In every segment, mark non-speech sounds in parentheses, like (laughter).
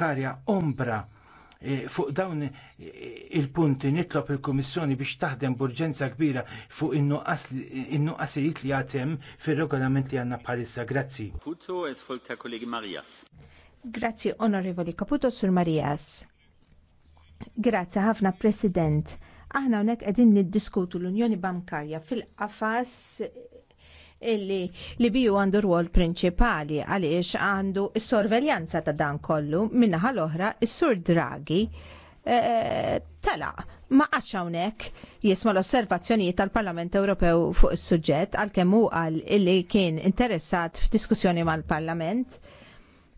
parja ombra eh, fuq dawn eh, il-punti nitlob il-Kummissjoni biex taħdem burġenza kbira fuq in-nuqqasijiet li għatem fir-regolament li għandna bħalissa. Grazzi. Puto esfolta kollegi Marias. Grazzi onorevoli Kaputo sur Marias. Grazzi ħafna President. Aħna hawnhekk qegħdin niddiskutu l-Unjoni Bankarja fil-qafas illi li biju għandu rwol prinċipali għaliex għandu s-sorveljanza ta' dan kollu minnaħa l-oħra s-sur Draghi eh, eh, tala ma qatx hawnhekk jisma' l-osservazzjonijiet tal-Parlament Ewropew fuq is-suġġett għalkemm hu qal illi kien interessat f'diskussjoni mal-Parlament.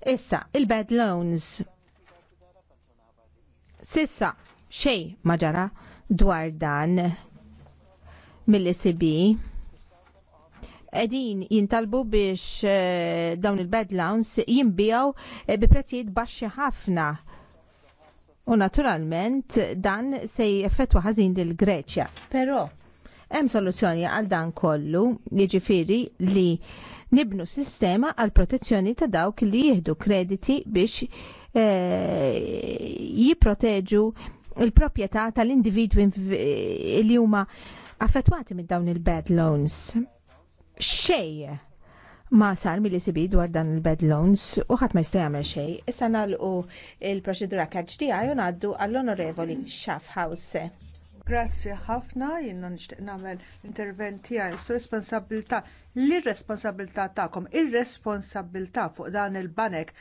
Issa, il-bad loans. Sissa, xej ma ġara dwar dan mill-ECB qegħdin jintalbu biex eh, dawn il-bedlowns jimbijaw eh, bi prezzijiet baxxi ħafna. U naturalment dan se jeffettwa ħażin lil Greċja. Però hemm soluzzjoni għal dan kollu, jiġifieri li nibnu sistema għal protezzjoni ta' dawk li jieħdu krediti biex e, jipproteġu il-proprjetà tal-individwi li huma affettwati minn dawn il-bad loans xej ma sar mill sibi dwar dan il-bed loans u ħadd ma jista' jagħmel xejn. Issa nagħlqu il-proċedura kaġdija u ngħaddu għall-Onorevoli Schaffhouse. Grazzi ħafna, jiena nixtieq nagħmel intervent tiegħi su responsabilità l-irresponsabilità tagħkom, ir-responsabilità fuq dan il-banek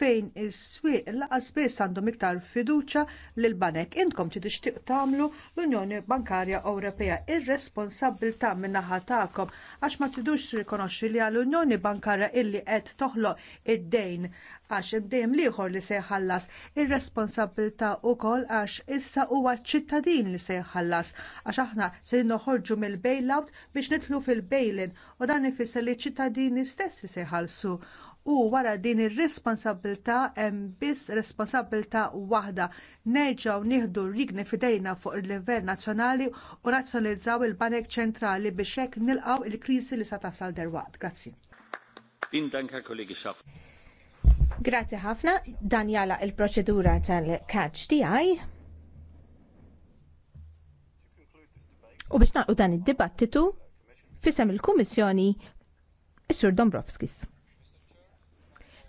fejn is-swieq laqas biss għandhom iktar fiduċja lil banek. Intkom tixtieq tagħmlu l-Unjoni Bankarja Ewropea ir responsabbilta min-naħa tagħkom għax ma tidux rikonoxxi li għall unjoni Bankarja illi qed toħloq id-dejn għax id-dejn liħor li se jħallas ir-responsabilità wkoll għax issa huwa ċittadin li se jħallas għax aħna se noħorġu mill-bailout biex nidħlu fil-bailin u dan ifisser li ċittadini stessi se jħallsu u wara din ir-responsabilità hemm biss responsabilità waħda nerġgħu nieħdu rigni fidejna fuq il-livell nazzjonali u nazzjonalizzaw il-Banek Ċentrali biex hekk nilqgħu il-kriżi li sa tasal derwaqt. Grazzi. Grazzi ħafna, dan il-proċedura tal-catch tiegħi. U biex naqgħu dan id-dibattitu fisem il-Kummissjoni is-Sur Dombrovskis.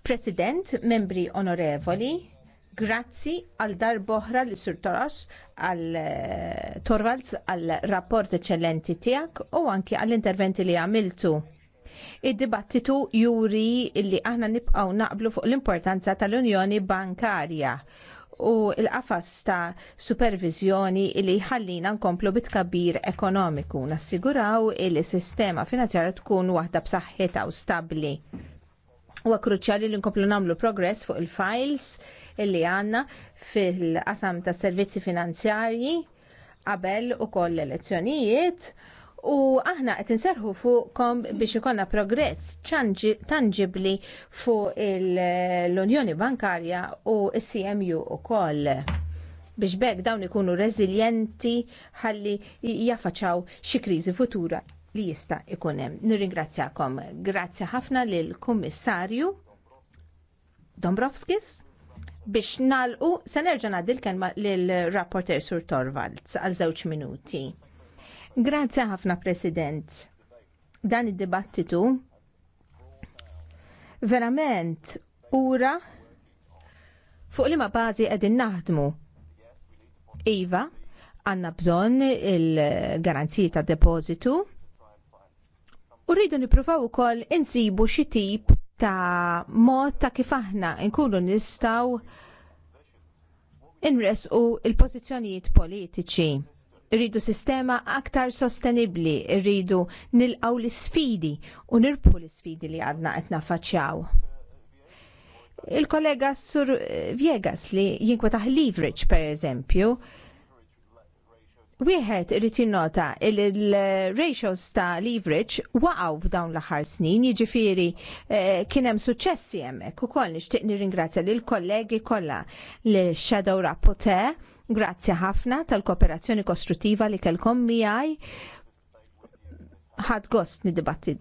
President, membri onorevoli, grazzi għal dar boħra li sur Toros għal eh, Torvalds għal rapport eccellenti tijak u anki għall interventi li għamiltu. Id-dibattitu juri li aħna nibqaw naqblu fuq l-importanza tal-Unjoni Bankarja u l-qafas ta' supervizjoni li jħallina nkomplu bitkabbir ekonomiku nassiguraw il-sistema finanzjarja tkun waħda b'saħħitha u stabbli. Huwa kruċjali li nkomplu nagħmlu progress fuq il-files li għandna fil-qasam ta' servizzi finanzjarji qabel ukoll l-elezzjonijiet u aħna qed inserħu fuqkom biex ikollna progress tanġibli fuq l-Unjoni Bankarja u s-CMU koll biex bekk dawn ikunu reżiljenti ħalli jaffaċaw xi kriżi futura li jista' ikun hemm. Nirringrazzjakom. Grazzi ħafna lil kummissarju Dombrovskis biex nalqu se nerġa' ngħaddi l-kelma lil rapporter Sur Torvalds għal żewġ minuti. Grazzi ħafna President. Dan id-dibattitu verament ura fuq li ma bażi qegħdin naħdmu. Iva, għandna bżonn il-garanziji ta' depożitu U rridu nippruvaw ukoll insibu xi tip ta' mod ta' kif aħna nkunu nistgħu nresqu il-pożizzjonijiet politiċi rridu sistema aktar sostenibli, rridu nilqaw l isfidi u nirpu l isfidi li għadna qed nafaċċjaw. Il-kollega Sur Viegas li jinkwetaħ leverage per eżempju, Wieħed irid jinnota li l-ratios ta' leverage waqgħu f'dawn l-aħħar snin, jiġifieri eh, kien hemm suċċessi hemmhekk ukoll nixtieq nirringrazzja lil kollegi kollha l shadow Rapporteur, grazzi ħafna tal-kooperazzjoni kostruttiva li kellkom miegħi. Ħadd gost nidibatti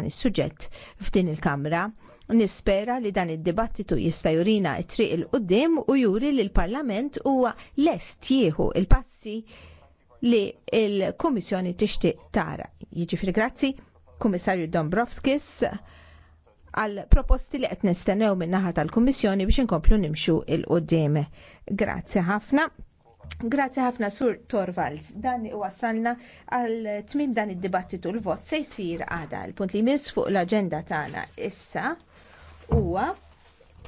dan is-suġġett f'din il-Kamra. Nispera li dan id-dibattitu jista' jurina t-triq il qudiem u juri li l-Parlament huwa lest jieħu il-passi li l-Kummissjoni tixtieq tara. Jiġifieri grazzi, Kummissarju Dombrovskis, għal proposti li qed nistennew min-naħa tal-Kummissjoni biex inkomplu nimxu il qudiem Grazzi ħafna. Grazzi ħafna Sur Torvalds. Dan wasalna għal tmim dan id-dibattitu l-vot se jsir għada. Il-punt li jmiss fuq l-agenda tagħna issa huwa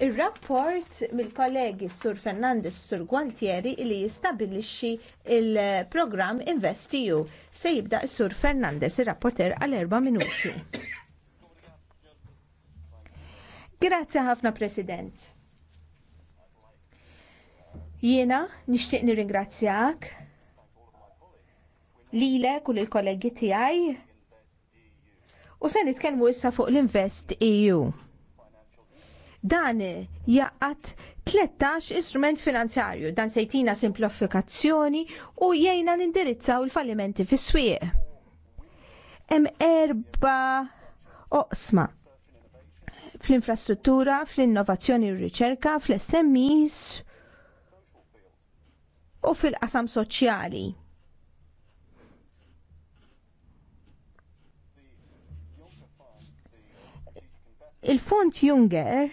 ir-rapport mill-kollegi Sur Fernandez Sur Gualtieri li jistabilixxi il-programm InvestEU. Se jibda Sur Fernandez ir-rapporter għal erba' minuti. Grazzi ħafna President. Jiena nixtieq nirringrazzjak lilek u lill-kollegi tiegħi u se nitkellmu issa fuq l-Invest EU. Dan jaqat 13 instrument finanzjarju, dan sejtina simplifikazzjoni u jgħina nindirizzaw il-fallimenti fis-swieq. Hemm erba' oqsma fl-infrastruttura, fl-innovazzjoni u r-riċerka, fl-SMEs u fil-qasam soċjali. Il-Fond Junger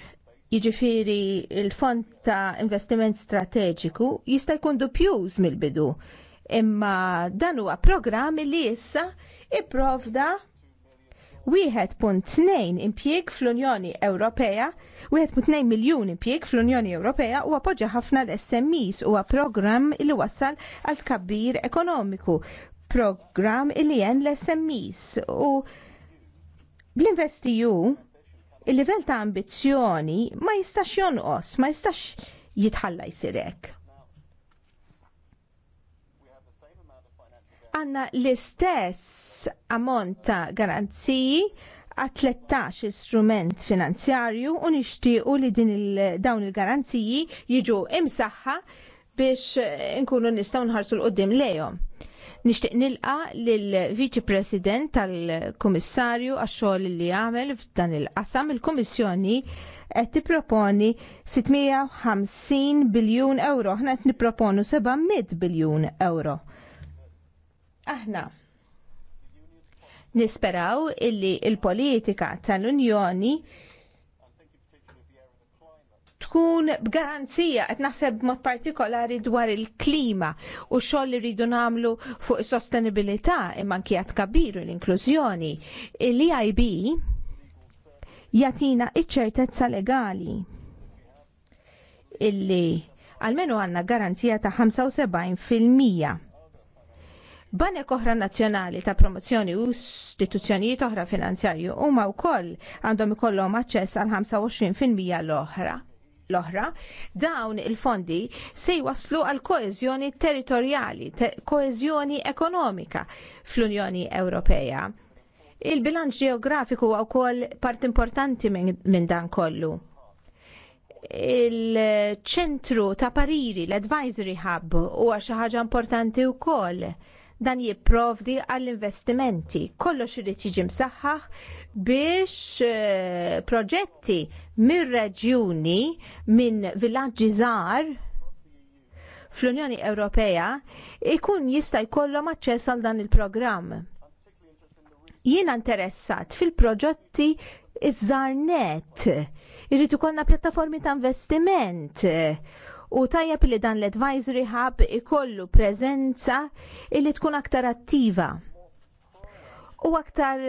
jiġifieri il-fond ta' investiment strateġiku jista' jkun dupjuż mill-bidu. Imma dan huwa programm li issa ipprovda 1.2 impjieg fl-Unjoni Ewropea, 1.2 miljun impjieg fl-Unjoni Ewropea u appoġġa ħafna l-SMEs u programm li wassal għal tkabbir ekonomiku, programm li jen l-SMEs u bl-investiju il-livell ta' ambizzjoni ma jistax jonqos, ma jistax jitħalla jsirek. Għanna l-istess ammont ta' garanziji għat 13 istrument finanzjarju u nixtiequ li din il dawn il-garanziji jiġu imsaħħa biex nkunu nistgħu nħarsu l-qoddim lejhom. Nixtieq nilqa lill-Viċi President tal-Kummissarju għax-xogħol li għamel f'dan il-qasam il-Kummissjoni qed tipproponi 650 biljun euro, aħna qed nipproponu 700 biljun euro. Aħna nisperaw illi il-politika tal-Unjoni tkun b'garanzija qed naħseb mod partikolari dwar il-klima u xoll li rridu nagħmlu fuq is-sostenibilità imma anke kabir u l-inklużjoni. Il-EIB jatina iċ-ċertezza legali illi għalmenu għanna garanzija ta' 75%. Banek oħra nazzjonali ta' promozzjoni u istituzzjonijiet oħra finanzjarju huma wkoll għandhom ikollhom aċċess għal 25% l-oħra l-oħra, dawn il-fondi se jwaslu għal koezjoni territorjali, te koeżjoni ekonomika fl-Unjoni Ewropea. Il-bilanċ ġeografiku huwa wkoll part importanti minn min dan kollu. Il-ċentru ta' pariri, l-advisory hub, huwa xi ħaġa importanti wkoll dan jipprovdi għall-investimenti. Kollox irid jiġi msaħħaħ biex eh, proġetti mir-reġjuni minn villaġġi żgħar fl-Unjoni Ewropea ikun jista' jkollhom aċċess għal dan il-programm. Jiena interessat fil-proġetti iż-żarnet. Irrid ikollna pjattaformi ta' investiment u tajjeb li dan l-advisory hub ikollu prezenza li tkun aktar attiva u aktar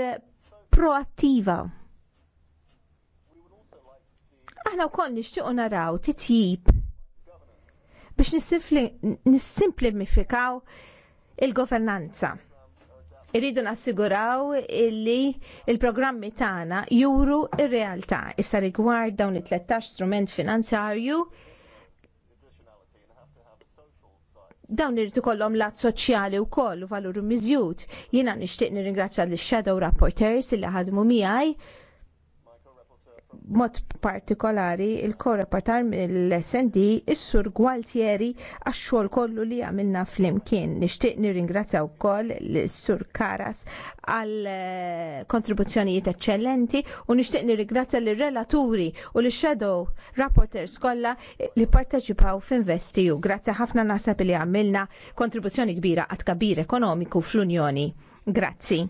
proattiva. Aħna wkoll nixtiequ naraw titjib biex nissimplifikaw il-governanza. Irridu nassiguraw illi il-programmi tagħna juru ir-realtà issa rigward dawn it-13 strument finanzarju dawn irrid ikollhom lat soċjali wkoll u valur miżjud. Jiena nixtieq nirringrazzja l shadow rapporteurs li ħadmu miegħi mod partikolari il partar mill-SND is-sur Gualtieri għax-xogħol kollu li għamilna flimkien. Nixtieq nirringrazzja wkoll is sur Karas għal eh, kontribuzzjonijiet eċċellenti u nixtieq nirringrazzja lir relaturi u l shadow rapporters kollha li parteċipaw f'Investiju. Grazzi ħafna nasab li għamilna kontribuzzjoni kbira għat kabir ekonomiku fl-Unjoni. Grazzi.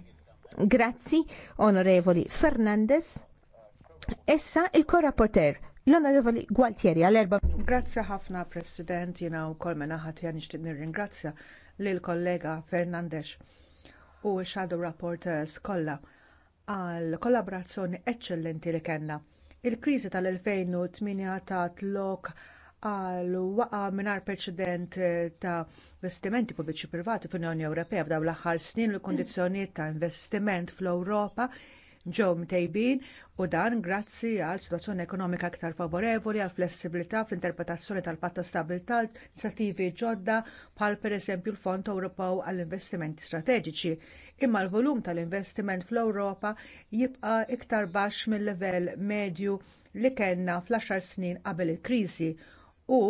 Grazzi, onorevoli Fernandez. Issa il-korrapporter l-Onorevoli Gualtieri għal-erba. Grazzi ħafna, President, jina u kol menaħat jani ixtid nir-ringrazzja l-kollega Fernandez u xadu Rapporters kolla għal kollaborazzjoni eccellenti li kellna. Il-krizi tal-2008 tat lok għal waqa minar preċedent ta' investimenti pubbliċi privati fl-Unjoni Ewropea f'daw l-aħħar snin l kundizzjonijiet ta' investiment fl-Ewropa ġew mtejbin u dan grazzi għal situazzjoni ekonomika aktar favorevoli għal flessibilità fl-interpretazzjoni tal-patta stabilità inizjattivi ġodda bħal pereżempju l-Fond Ewropew għall investimenti strateġiċi. Imma l-volum tal-investiment fl-Ewropa jibqa' iktar baxx mill-livell medju li kellna fl-10 snin qabel il-kriżi u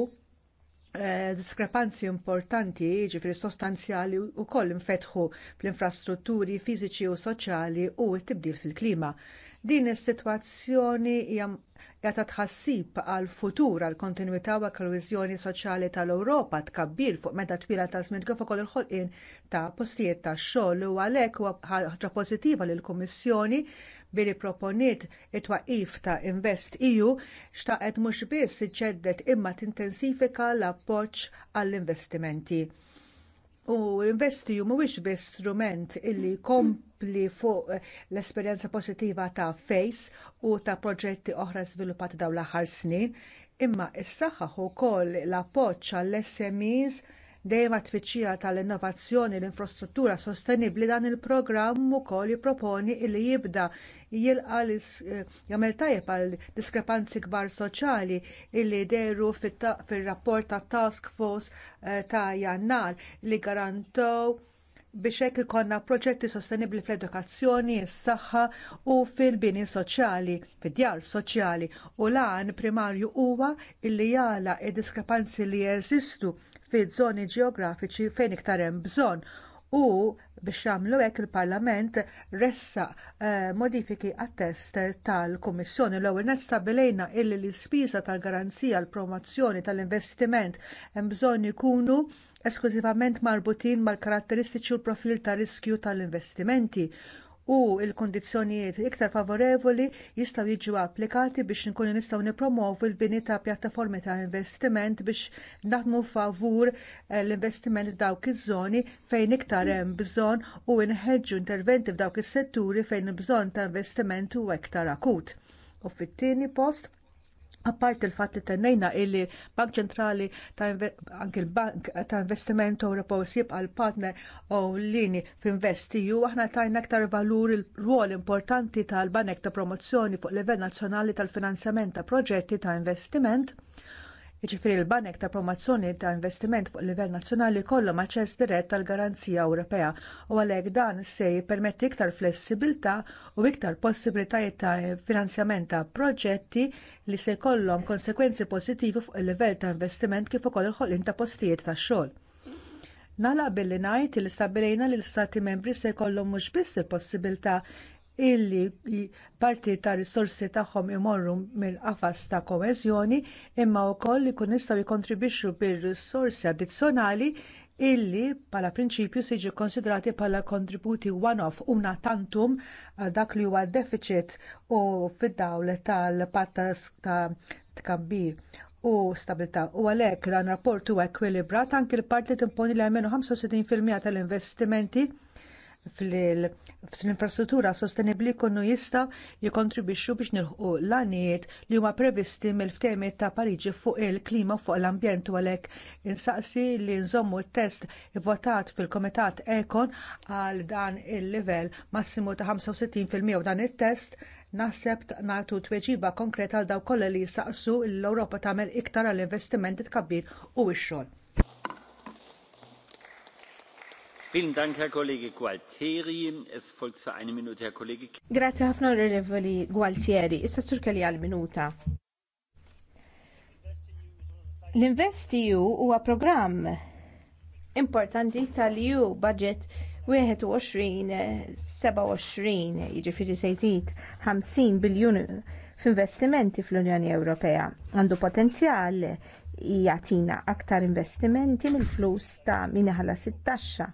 Eh, diskrepanzi importanti, ġifri sostanzjali wkoll infetħu fl-infrastrutturi fiżiċi u soċjali u t-tibdil fil-klima. Din is-sitwazzjoni hija ta' tħassib għal futur għal kontinwità u koeżjoni soċjali tal-Ewropa tkabbir fuq meta twila ta' żmien kif ukoll il-ħolqien ta' postijiet tax xogħol u għalhekk huwa ħaġa pożittiva lill kummissjoni billi proponiet it-twaqif ta' Invest EU xtaqet mhux biss iġġedded imma tintensifika l-appoġġ għall-investimenti. U l-investi e mhuwiex biss strument illi jkompli fuq l-esperjenza pożittiva ta' Face u ta' proġetti oħra żviluppati dawn l-aħħar snin, imma issaħħaħ ukoll l-appoġġ għall-SMEs dejjem tfittxija tal-innovazzjoni l-infrastruttura sostenibbli dan il-programm ukoll jipproponi li jibda jilqa eh, jagħmel tajjeb għal diskrepanzi kbar soċjali illi deru fir-rapport tat task force eh, ta' jannar li garantow biex hekk ikollna proġetti sostenibbli fl-edukazzjoni, is-saħħa u fil-bini soċjali, fid-djar soċjali u l-għan primarju huwa li jala id diskrepanzi li jeżistu fiż żoni ġeografiċi fejn iktar hemm bżonn u biex jagħmlu hekk il-Parlament ressaq eh, modifiki għat-test tal-Kummissjoni l-ewwel net stabilejna illi l-ispiża tal-garanzija l promozzjoni tal-investiment hemm bżonn ikunu esklużivament marbutin mal-karatteristiċi u l-profil ta' riskju tal-investimenti u l-kundizzjonijiet iktar favorevoli jistgħu jiġu applikati biex nkunu nistgħu nippromovu l-bini ta' pjattaformi ta' investiment biex naħdmu favur eh, l-investiment f'dawk iż-żoni fejn iktar hemm bżonn u nħeġġu interventi f'dawk is-setturi fejn il bżonn ta' investiment u iktar akut. U fit-tieni post Apart il-fatt li tennejna illi Bank Ċentrali anke l-Bank ta' Investiment Ewropew sib għal partner ewlieni f'investiju aħna tajna aktar valur il-rwol importanti tal-Banek ta' Promozzjoni fuq livell nazzjonali tal-finanzjament ta' proġetti ta' investiment Jiġifieri l-banek ta' promozzjoni ta' investiment fuq livell nazzjonali jkollhom aċċess dirett għall garanzija Ewropea u għalhekk dan se jippermetti iktar flessibilità u iktar possibilitajiet ta' finanzjament ta' proġetti li se jkollhom konsegwenzi pożittivi fuq il-livell ta' investiment kif ukoll il-ħolqien ta' postijiet tax xogħol. Nagħlaq billi ngħid li stabbilejna li l-Stati membri se jkollhom mhux biss il-possibilità illi parti ta' risorsi tagħhom imorru mill-qafas ta' koeżjoni imma wkoll li ikun jistgħu jikkontribwixxu bir-risorsi addizzjonali illi bħala prinċipju siġi konsidrati bħala kontributi one-off una tantum għal dak li huwa deficit u fid-dawl tal-patta ta' tkabbir u stabilità. U għalhekk dan rapport huwa ekwilibrat anki l-parti timponi li għamenu 65% tal-investimenti fl-infrastruttura sostenibbli jkunu jista jikkontribwixxu biex nilħqu l-għanijiet li huma previsti mill-ftehmiet ta' Pariġi fuq il-klima fuq l-ambjent u għalhekk insaqsi li nżommu t-test ivvotat fil-Komitat Ekon għal dan il-livell massimu ta' 65% dan it-test naħseb nagħtu tweġiba konkreta għal dawk kollha li jistaqsu l-Ewropa tagħmel iktar għall investimenti tkabbir u x-xogħol. Grazie ħafna onorevoli Gualtieri. Issa sur kelli għal minuta. L-InvestEU huwa programm importanti tal-EU budget 21-27 jiġifieri se jżid 50 biljun f'investimenti fl-Unjoni Ewropea. Għandu potenzjal jagħtina aktar investimenti mill-flus ta' sit 16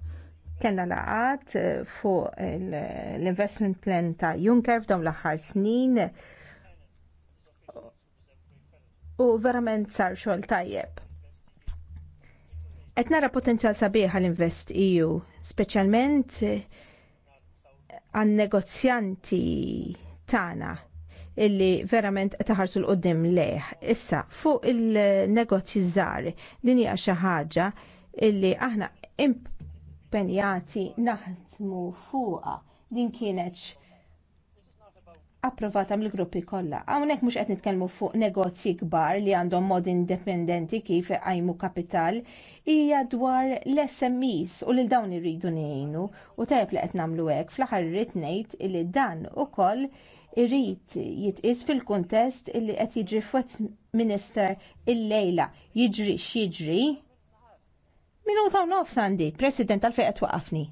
kena laqat eh, fuq l-investment plan ta' Juncker f'dawn l-aħħar snin u verament sar xogħol tajjeb. Qed nara potenzjal sabiħ għall-Invest EU, speċjalment eh, għan-negozjanti tagħna illi verament taħarsu l-qoddim leħ. Issa, fuq il-negozji żgħar din hija xi ħaġa illi aħna imp impenjati naħdmu fuqha din kienet approvata mill-gruppi kollha. Hawnhekk mhux qed nitkellmu fuq negozji kbar li għandhom mod indipendenti kif għajmu kapital, hija dwar l-SMEs u lil dawn iridu ngħinu u tajb li qed nagħmlu hekk fl-aħħar irrid ngħid li dan ukoll irrid jitqis fil-kuntest li qed jiġri fuq minister illejla jiġri x'jiġri Minuta u nofs sandi, President għalfejqet waqafni.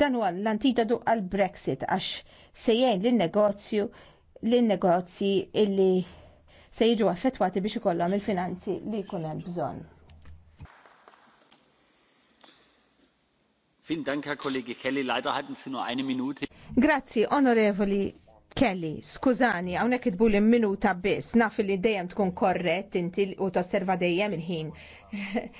dan huwa l-antidotu għal Brexit għax sejjen l negozju l negozji illi se jiġu affettwati biex ikollhom il-finanzi li jkun hemm bżonn. Vielen Dank, Herr Kollege Kelly. Leider hatten Sie nur eine Minute. Grazie, onorevoli Kelly, skużani, hawnhekk idbu li minuta biss, naf li dejjem tkun korrett inti u tosserva dejjem il-ħin (laughs)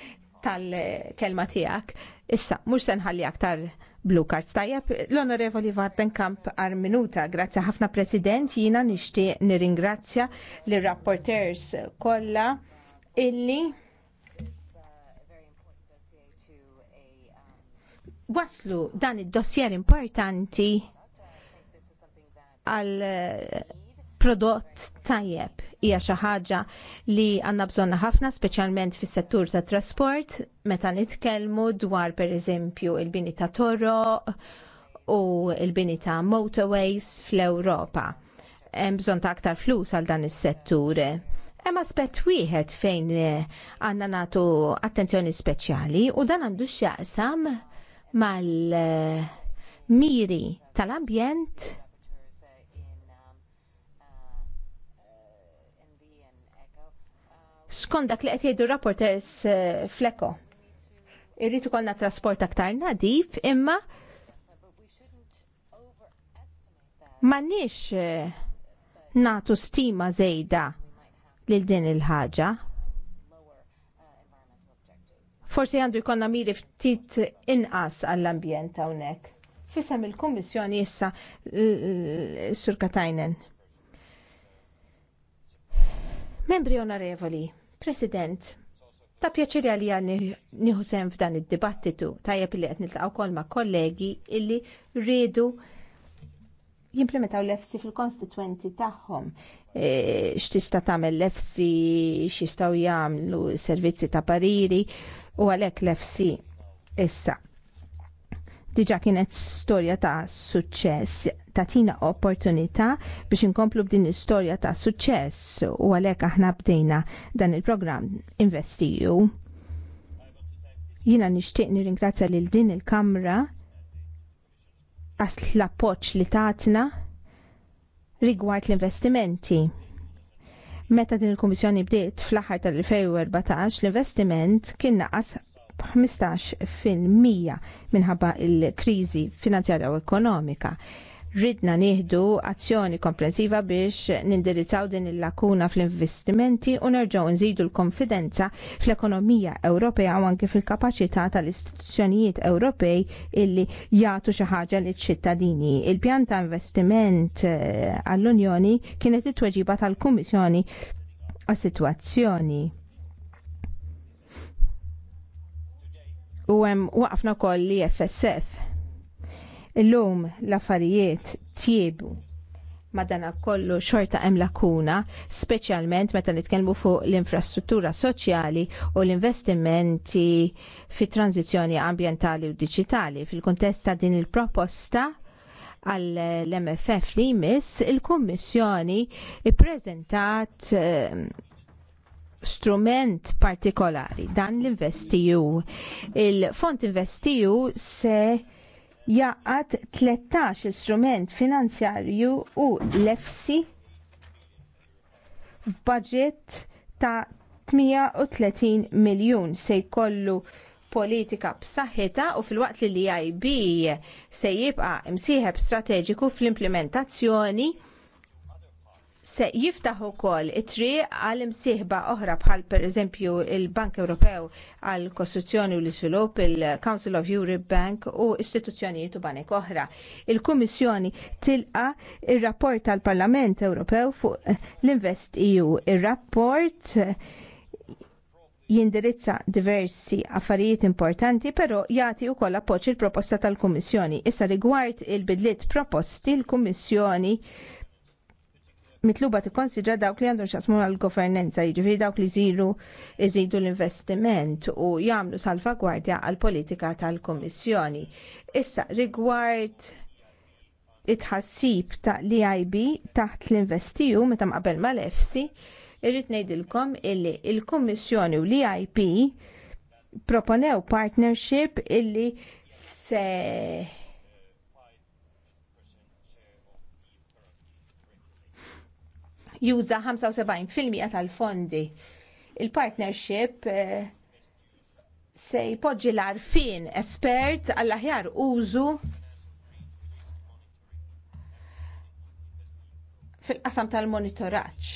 tal-kelma tiegħek. Issa, mhux se aktar Blue Cards tajjeb, l-Onorevoli Vardenkamp għar minuta, grazzi ħafna President, jina nixtieq nirringrazzja li rapporteurs kollha illi waslu dan id-dossier importanti għal eh, prodott tajjeb hija xi ħaġa li għandna bżonna ħafna speċjalment fis-settur tat trasport meta nitkellmu dwar pereżempju l bini ta' toroq u l bini ta' motorways fl-Ewropa. Hemm bżonn ta' aktar flus għal dan is-settur. Hemm aspett wieħed fejn eh, għandna nagħtu attenzjoni speċjali u dan għandu x'jaqsam mal-miri eh, tal-ambjent skont dak li qed jgħidu rapporters eh, fleko. Irrid ikollna trasport aktar nadif imma m'għandniex eh, nagħtu stima żejda lil din il-ħaġa. Forsi għandu jkollna miri ftit inqas għall-ambjent hawnhekk. Fisem il-Kummissjoni issa Sur Katajnen. Membri onorevoli, President, ta' pjaċir għalli nieħu sem f'dan id-dibattitu tajjeb li qed niltaqgħu wkoll ma' kollegi illi rridu jimplementaw l fc fil-konstituenti tagħhom. E, x'tista' tagħmel l-EFSI, x'jistgħu jagħmlu servizzi ta' pariri u għalhekk l fc issa diġa kienet storja ta' suċċess tina opportunità biex inkomplu b'din istorja ta' suċċess u għalhekk aħna bdejna dan il-programm Investiju. Jiena nixtieq nirringrazzja lil din il-Kamra għas l-appoġġ li tatna rigward l-investimenti. Meta din il-Kummissjoni bdiet fl-aħħar tal-2014 l-investiment kien naqas 15% minħabba il-kriżi finanzjarja u ekonomika ridna nieħdu azzjoni komprensiva biex nindirizzaw din il-lakuna fl-investimenti u nerġgħu nżidu l-konfidenza fl-ekonomija Ewropea u anke fil-kapaċità tal-istituzzjonijiet Ewropej illi jagħtu xi ħaġa liċ-ċittadini. Il-pjan ta' investiment eh, għall-Unjoni kienet it-tweġiba tal-Kummissjoni għas-sitwazzjoni u hemm waqfna wkoll li FSF. Illum l-affarijiet tjibu madana kollu xorta hemm lakuna, speċjalment meta nitkellmu fuq l-infrastruttura soċjali u l-investimenti fit tranzizzjoni ambjentali u diġitali. Fil-kontest ta' din il-proposta għall-MFF li jmiss, il-Kummissjoni ppreżentat eh, strument partikolari, dan l-investiju. Il-font investiju se jaqat 13 strument finanzjarju u l-EFSI f'budget ta' 38 miljun se jkollu politika b'saħħitha u fil-waqt li l-IB se jibqa' imsieħeb strateġiku fl-implementazzjoni se jiftaħ ukoll it-triq għal imsieħba oħra bħal pereżempju l bank Ewropew għall kostruzzjoni u l-Iżvilupp, il-Council of Europe Bank u istituzzjonijiet u banek oħra. Il-Kummissjoni tilqa ir-rapport il kummissjoni tilqa ir rapport tal parlament Ewropew fuq l-Invest EU. Ir-rapport jindirizza diversi affarijiet importanti, però jagħti wkoll appoġġ il-proposta tal-Kummissjoni. Issa rigward il-bidliet proposti l-Kummissjoni mitluba tikkonsidra dawk li għandhom xasmu għal-governanza, jiġifieri dawk li ziru jżidu l-investiment u jagħmlu salvagwardja għall-politika tal-Kummissjoni. Issa rigward it-ħassib ta' l-IB taħt l-investiju meta ma' mal-EFSI, irrit ngħidilkom illi il-Kummissjoni u l ip proponew partnership illi se juża 75% tal-fondi. Il-partnership eh, se jpoġġi l-arfin espert għall-aħjar użu fil-qasam tal-monitoraġġ.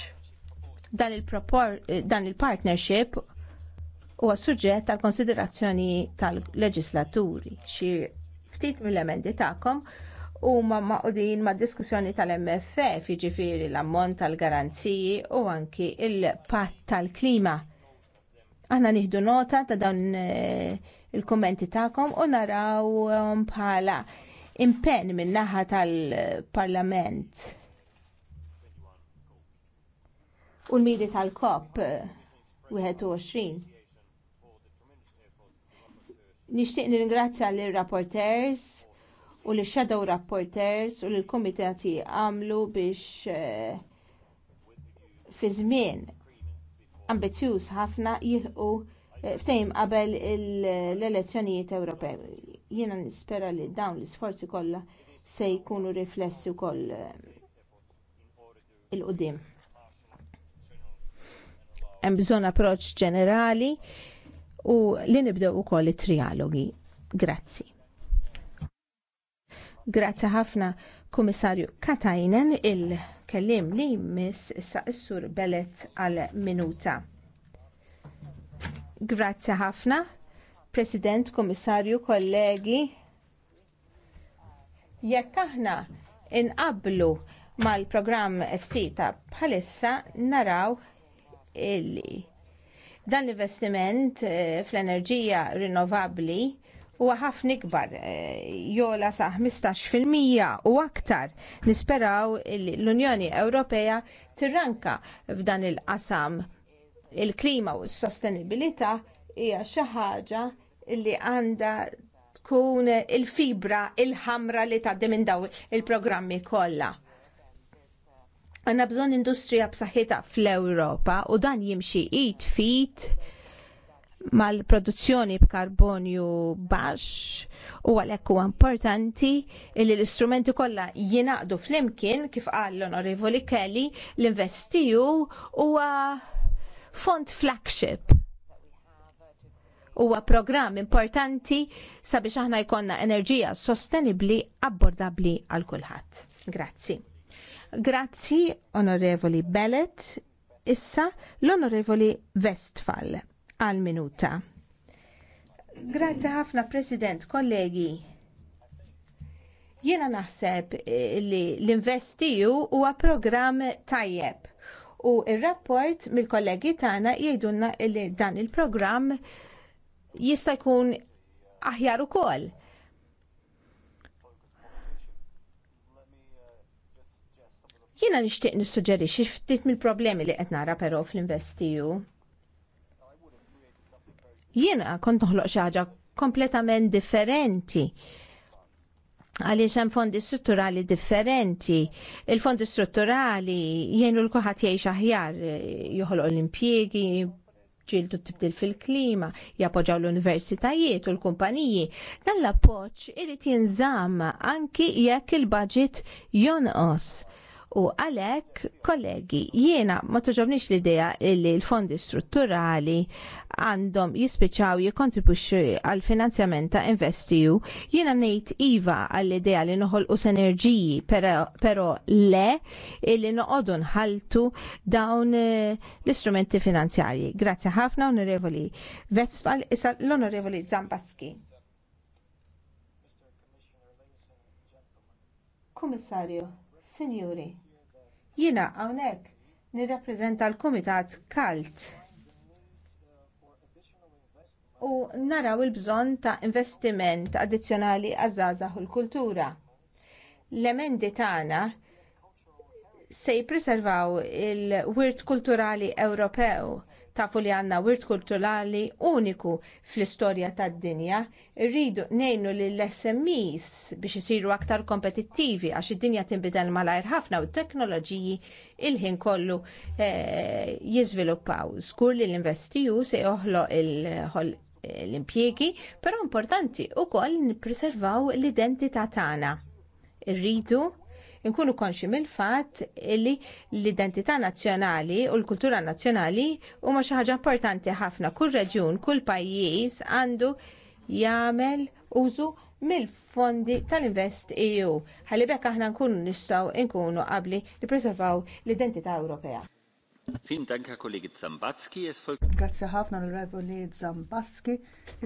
Dan il-partnership il huwa suġġett tal-konsiderazzjoni tal-leġislaturi. Xi ftit mill-emendi tagħkom huma maqdin mad diskussjoni tal-MFF, jiġifieri l-ammont tal-garanziji u anki il-patt tal-klima. Aħna nieħdu nota ta' dawn eh, il-kummenti tagħkom u naraw bħala impenn min-naħa tal-Parlament u l midi tal-COP 21. Eh, Nixtieq nirringrazzja lir rapporters u li shadow rapporters u li l-komitati għamlu biex eh, fi żmien ambizzjuż ħafna jieħu eh, ftejm qabel l-elezzjonijiet Ewropew. Jiena nispera li dawn l-isforzi kollha se jkunu riflessi wkoll eh, il-qudiem. Hemm bżonn approċċ ġenerali u li nibdew ukoll it-trialogi. Grazzi. Grazzi ħafna komissarju Katajnen il-kellim li miss sa' issur belet għal minuta. Grazzi ħafna, President, Komissarju, kollegi. Jekk aħna inqablu mal-programm FCTA bħalissa naraw illi dan l-investiment eh, fl-enerġija rinnovabbli huwa ħafna ikbar eh, jola sa 15% u aktar nisperaw l-Unjoni Ewropea tirranka f'dan il-qasam il-klima u s-sostenibilità hija xi ħaġa li għandha tkun il-fibra il-ħamra li tgħaddi minn daw il-programmi kollha. Għandna bżonn industrija b'saħħitha fl-Ewropa u dan jimxi it fit mal-produzzjoni b'karbonju baxx u għalhekk huwa importanti li l-istrumenti kollha jingħaqdu flimkien kif qal l-Onorevoli Kelly l-investiju huwa fond flagship huwa programm importanti sabiex aħna jkollna enerġija sostenibbli abbordabbli għal kulħadd. Grazzi. Grazzi, Onorevoli Bellet. Issa l-Onorevoli Westfall għal minuta. Grazzi ħafna President, kollegi. Jiena naħseb eh, li l-investiju huwa programm tajjeb u il rapport mill-kollegi tagħna jgħidulna li dan il-programm jista' jkun aħjar ukoll. Jiena nixtieq nissuġġerixxi ftit mill-problemi li qed nara però fl-investiju. Jiena kont noħloq xi ħaġa kompletament differenti għaliex hemm fondi strutturali differenti. Il-fondi strutturali jgħinu l kulħadd jgħix aħjar joħolqu l-impjiegi, ġildu tibdil fil-klima, jappoġġaw l-universitajiet u l-kumpaniji. Dan l-appoġġ irid jinżamm anki jekk il-budget jonqos U għalek, kollegi, jiena ma tuġobnix l-idea li l-fondi strutturali għandhom jispiċaw jikontribuxxu għal finanzjament ta' investiju, jiena nejt iva għall-idea li noħol u senerġiji, pero le li noqodu ħaltu dawn eh, l-istrumenti finanzjarji. Grazie ħafna, onorevoli Vestfal, isa l-onorevoli Zambatski. Komissarju, Signori, jiena hawnhekk nirrappreżenta l-Kumitat Kalt u naraw il-bżonn ta' investiment addizzjonali għaż u l-kultura. L-emendi tagħna se jippreservaw il-wirt kulturali Ewropew tafu li għandna wirt kulturali uniku fl-istorja tad-dinja. nejnu ngħinu lill smes biex isiru aktar kompetittivi għax id-dinja tinbidel malajr ħafna u t teknoloġiji il-ħin kollu eh, jiżviluppaw. Skur li l-investiju se joħloq il-ħol l-impjegi, però importanti wkoll nippreservaw l-identità tagħna. Irridu nkunu konxi mill-fatt li l-identità nazzjonali u l-kultura nazzjonali huma xi ħaġa importanti ħafna. Kull reġjun, kull pajjiż għandu jagħmel użu mill-fondi tal-Invest EU. Ħalibek aħna nkunu nistgħu nkunu qabli nippreservaw l-identità Ewropea. Fin tanka kollegi Zambatski jesfol. Grazie ħafna l-Revoli Zambatski,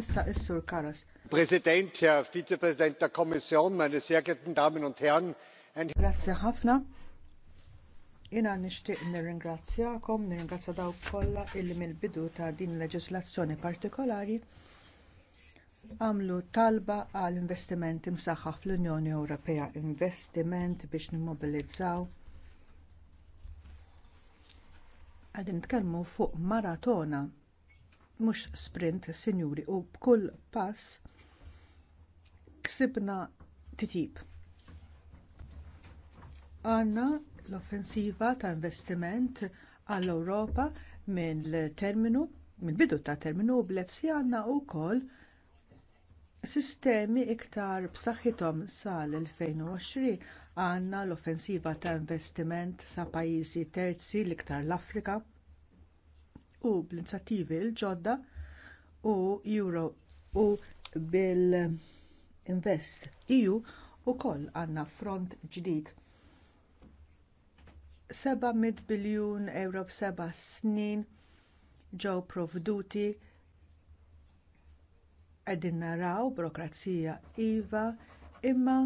issa is-Sur Karas. Präsident, Herr Vizepräsident der Kommission, meine sehr geehrten Damen und Herren! Grazzi ħafna. Jina nixtieq nirringrazzjakom, nirringrazzja daw kollha illi mill-bidu ta' din leġislazzjoni partikolari għamlu talba għal investimenti msaħħa fl-Unjoni Ewropea, investiment biex nimmobilizzaw għadin nitkellmu fuq maratona, mhux sprint, sinjuri, u b'kull pass ksibna titjib Għanna l-offensiva ta' investiment għall-Ewropa minn terminu minn bidu ta' terminu blefsi għandna wkoll sistemi iktar b'saħħithom sal-2020 għandna l-offensiva ta' investiment sa' pajjiżi terzi l-iktar l-Afrika u bl-inizjattivi l-ġodda u Euro u bil-Invest EU wkoll għandna front ġdid 700 biljun euro b'seba' snin ġew provduti qegħdin naraw burokrazija iva imma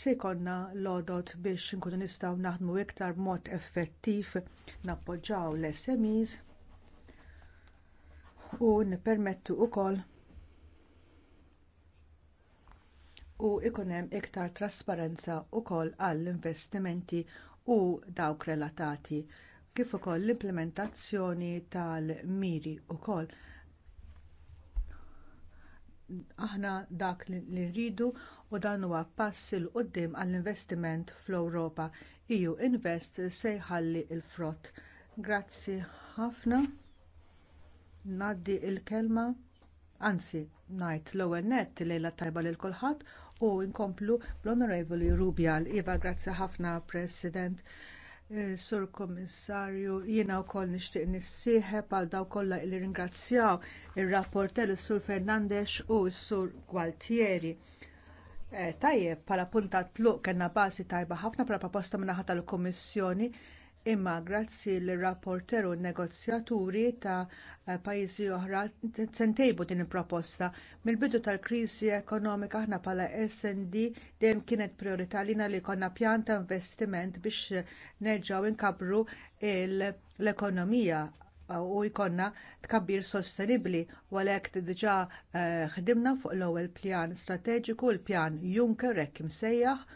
se jkollna l-għodot biex inkunu nistgħu naħdmu iktar b'mod effettiv nappoġġjaw l-SMEs u nippermettu wkoll u ikun hemm iktar trasparenza wkoll għall-investimenti u dawk relatati kif ukoll l-implementazzjoni tal-miri wkoll. Aħna dak li rridu u dan huwa pass il quddiem għall-investiment fl-Ewropa. EU Invest se jħalli l-frott. Grazzi ħafna. Naddi l kelma anzi ngħid l-ewwel nett lejla tajba lil kulħadd u nkomplu l onorevoli Rubial. Iva, grazzi ħafna, President. Eh, sur Kommissarju, jiena wkoll nixtieq nissieħeb għal dawk kollha li ringrazzjaw ir-rapporter sur Fernandez u s-Sur Gualtieri. Eh, tajjeb, bħala punta tluq kellna bażi tajba ħafna bħala proposta min-naħa tal-Kummissjoni imma grazzi lir rapporter u n negozjaturi ta' pajjiżi oħra sentejbu din il-proposta. Mill-bidu tal-kriżi ekonomika aħna bħala SD dejjem kienet priorità li jkollna pjan ta' investiment biex nerġgħu nkabru l-ekonomija u jkollna tkabbir sostenibbli u għalhekk diġà eh, ħdimna fuq l-ewwel pjan strateġiku l-pjan Juncker hekk imsejjaħ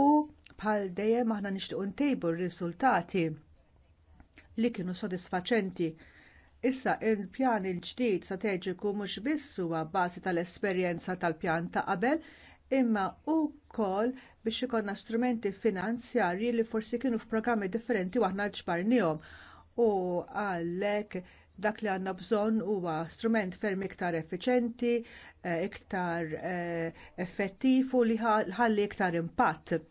u Bħal dejjem aħna nixtiequ ntejbu r-riżultati li kienu sodisfaċenti. Issa il-pjan il-ġdid strateġiku mhux biss huwa bażi tal-esperjenza tal-pjan ta' qabel, imma wkoll biex ikollna strumenti finanzjarji li forsi kienu f'programmi differenti u aħna ġbarnihom. U għalhekk dak li għandna bżonn huwa strument ferm iktar effiċenti, eh, iktar eh, effettiv u li ħalli iktar impatt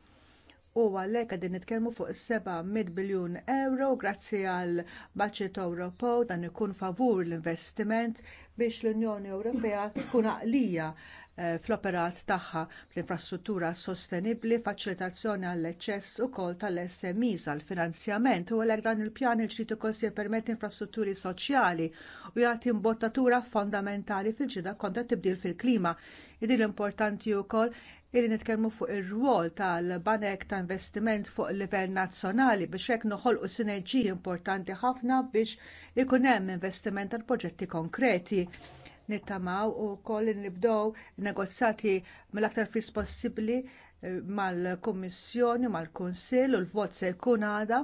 u għalhekk qegħdin nitkellmu fuq 700 biljun euro grazzi għal baċċet Ewropew dan ikun favur l-investiment biex l-Unjoni Ewropea tkun għaqlija eh, fl-operat tagħha fl-infrastruttura sostenibbli, faċilitazzjoni għall-eċċess ukoll tal smis għall finanzjament u għalhekk dan il-pjan il-ġrid ukoll se jippermetti infrastrutturi soċjali u jagħti mbottatura fondamentali fil-ġida kontra tibdil fil-klima. Idil importanti wkoll illi nitkellmu fuq ir-rwol tal-banek ta' investiment fuq livell nazzjonali biex hekk noħolqu sinerġiji importanti ħafna biex ikun hemm investiment tal proġetti konkreti. Nittamaw ukoll li nibdew negozjati mill-aktar fis possibbli eh, mal-Kummissjoni, mal-Kunsill u l-vot se jkun għada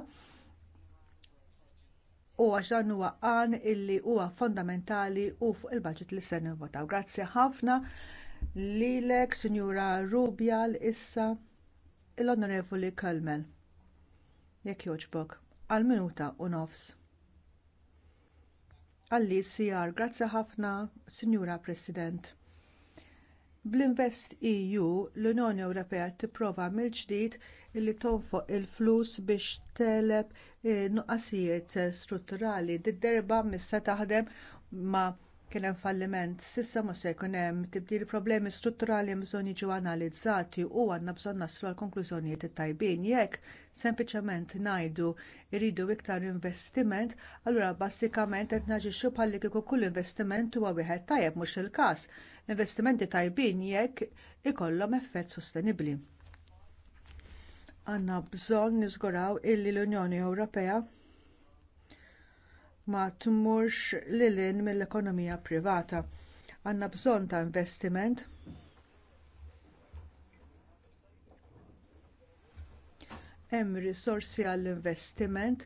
u għax dan huwa għan illi huwa fondamentali u fuq il-budget li se nivvotaw. Grazzi ħafna. Lilek, Sinjura Rubial, issa l-Onorevoli Kalmel. Jekk jogħġbok, għal minuta u nofs. Għalli sijar, grazzi ħafna, Sinjura President. Bl-Invest EU, l-Unjoni Ewropea tipprova mill-ġdid illi tonfoq il-flus biex teleb eh, nuqqasijiet strutturali. Did-derba missa taħdem ma' kien hemm falliment, s'issa mhux se jkun hemm tibdil problemi strutturali bżonn jiġu analizzati u għandna bżonn naslu għal konklużjonijiet tajbin jekk sempliċement ngħidu jridu iktar investiment, allura bażikament qed naġixxu bħalli kieku kull investiment huwa wieħed tajjeb mhux il-każ. Investimenti tajbin jekk ikollhom effett sostenibbli. Għandna bżonn niżguraw illi l-Unjoni Ewropea ma tmurx lilin mill-ekonomija privata. Għandna bżonn ta' investiment hemm risorsi għall-investiment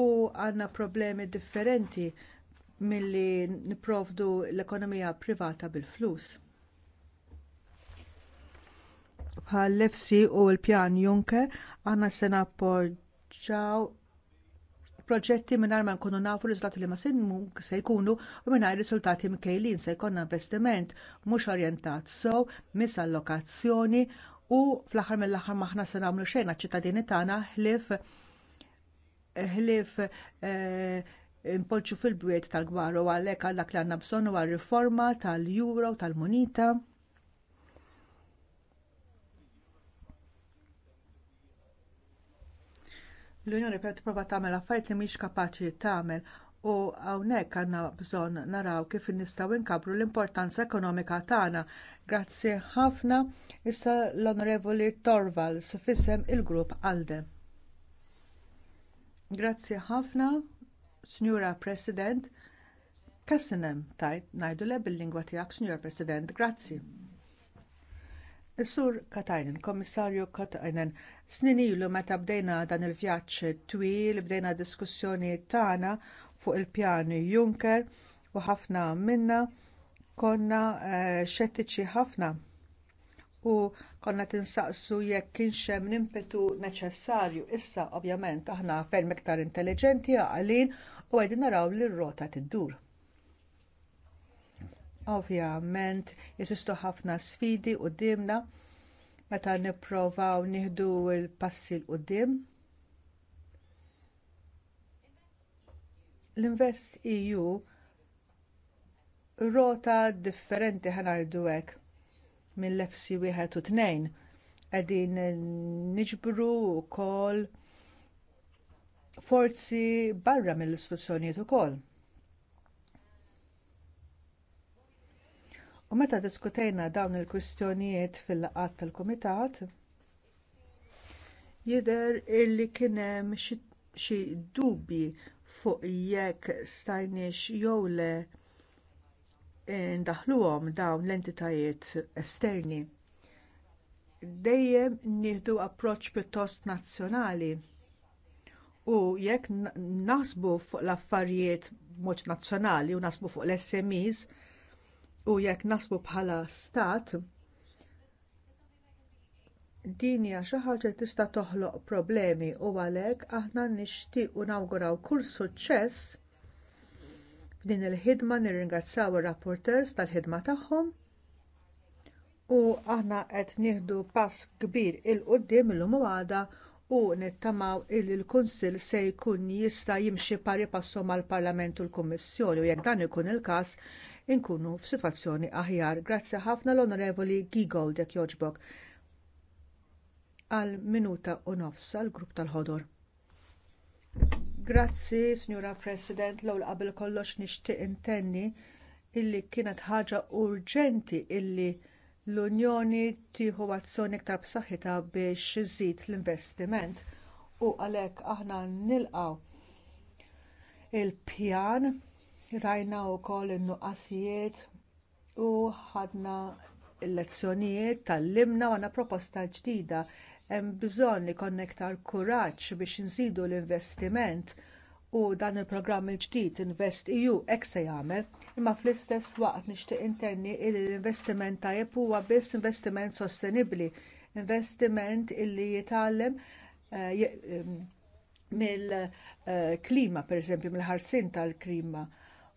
u għandna problemi differenti milli nipprovdu l-ekonomija privata bil-flus. Bħal l u l-pjan Juncker għandna se nappoġġjaw proġetti mingħajr ma nkunu nafu riżultati li ma sinmu se jkunu u mingħajr riżultati mkejlin se jkollna investiment mhux orjentat sew mis allokazzjoni u fl-aħħar mill-aħħar maħna se nagħmlu xejn għaċ-ċittadini tagħna ħlief ħlief eh, impoġġu fil-bwiet tal-gbar u għalhekk għal dak li għandna bżonn huwa riforma tal juro tal-munita. L-Unjoni Europea tipprova tagħmel affarijiet li mhix kapaċi tagħmel u hawnhekk għandna bżonn naraw kif nistgħu nkabru l-importanza ekonomika tagħna. Grazzi ħafna issa l-Onorevoli Torvalds fissem il-grupp ALDE. Grazzi ħafna, Signora President. Kassinem, tajt, najdu le bil-lingwa tiegħek, Signor President, grazzi. Sur Katajnen, kommissarju Katajnen, snin ilu meta bdejna dan il-vjaġġ twil, bdejna diskussjoni tagħna fuq il-pjan Juncker u ħafna minna konna eh, xettiċi ħafna u konna tinsaqsu jekk kienx hemm impetu neċessarju. Issa ovvjament aħna ferm iktar intelligenti għalin u qegħdin naraw li r-rota tiddur. Ovvjament, jesistu ħafna sfidi quddiemna meta nipprovaw nieħdu l-passi l qudiem L-Invest EU rota differenti ħanajdu hekk mill-FC wieħed u tnejn qegħdin niġbru wkoll forzi barra mill-istituzzjonijiet ukoll. U meta diskutejna dawn il-kwistjonijiet fil-laqat tal-Kumitat, jidher illi kien hemm xi dubji fuq jekk stajniex jew le ndaħluhom dawn l-entitajiet esterni. Dejjem nieħdu approċċ pjuttost nazzjonali u jekk naħsbu fuq l-affarijiet mod nazzjonali u naħsbu fuq l-SMEs, u jekk nasbu bħala stat din hija xi ħaġa tista' toħloq problemi u għalhekk aħna nixtiequ nawguraw kull suċċess f'din il-ħidma nirringrazzaw ir-rapporteurs tal-ħidma tagħhom u aħna qed nieħdu pass kbir il quddiem illum u għada u nittamaw il l-Kunsill se jkun jista' jimxi pari passu mal-Parlament u l-Kummissjoni u jekk dan ikun il-każ inkunu f'sitwazzjoni aħjar. Grazzi ħafna l-Onorevoli Gigold jekk jogħġbok għal minuta u nofs għal grupp tal-ħodor. Grazzi, Signora President, l-ewwel qabel kollox nixtieq intenni illi kienet ħaġa urġenti illi l-Unjoni tieħu azzjoni iktar b'saħħitha biex iżid l-investiment u għalhekk aħna nilqgħu il-pjan Rajna wkoll in-nuqqasijiet u ħadna l-lezzjonijiet tal-limna għana proposta ġdida hemm bżonn ikonna iktar kuraġġ biex nżidu l-investiment u dan il-programm il-ġdid Invest EU hekk se jagħmel, imma fl-istess waqt nixtieq intenni li l-investiment tajjeb huwa biss investiment sostenibbli, investiment illi jitgħallem eh, eh, mill-klima, eh, pereżempju, mill-ħarsien tal-klima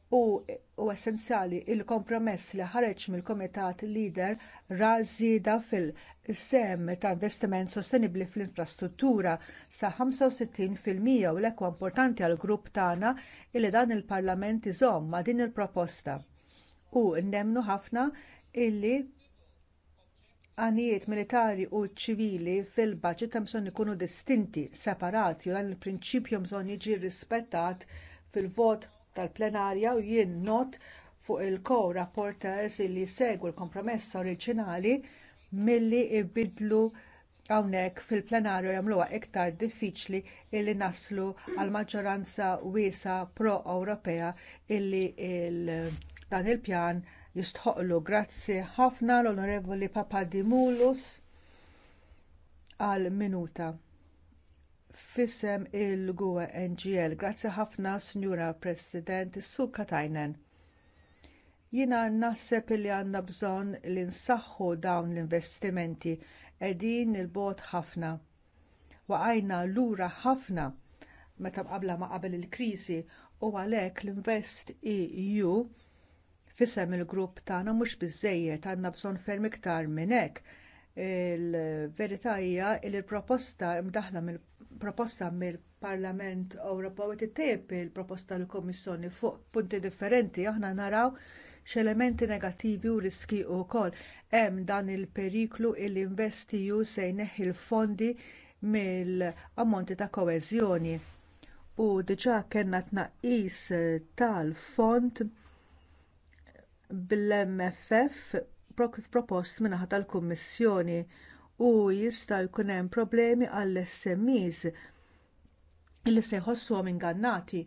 u, u essenzjali il-kompromess li ħareġ mill-Kumitat Leader ra żieda fil-sem ta' investiment sostenibbli fl-infrastruttura sa' 65% u l-ekwa importanti għall grupp tagħna li dan il-Parlament iżomm ma' din il-proposta. U nemnu ħafna illi għanijiet militari u ċivili fil-budget hemm bżonn ikunu distinti, separati u dan il-prinċipju bżonn jiġi rrispettat fil-vot tal-plenarja u jien not fuq il-co-rapporters li segwu l-kompromess oriġinali milli ibidlu hawnhekk fil-plenarju jagħmluha iktar diffiċli illi naslu għal maġġoranza wiesa pro-Ewropea illi il dan il-pjan jistħoqlu. Grazzi ħafna l-Onorevoli Papadimoulos għal minuta fissem il-Gua e NGL. Grazzi ħafna, Sinjura President, Sur Katajnen. Jiena naħseb li għandna bżonn li nsaħħu dawn l-investimenti qegħdin il-bot ħafna. Waqajna lura ħafna meta qabla ma qabel il-kriżi u għalhekk l-Invest EU fisem il-grupp tagħna mhux biżżejjed għandna bżonn ferm iktar minn hekk Il-verità hija li l proposta imdaħla mill-proposta mill-Parlament Ewropew qed ittejjeb il-proposta tal kummissjoni fuq punti differenti aħna naraw x'elementi negattivi u riski wkoll. Hemm dan il-periklu il investiju se jneħħi l-fondi mill-ammonti ta' koeżjoni. U diġà kellna tnaqqis tal-fond bil-MFF propost min-naħa tal-Kummissjoni u jista' jkun hemm problemi għall-SMEs illi se jħossuhom ingannati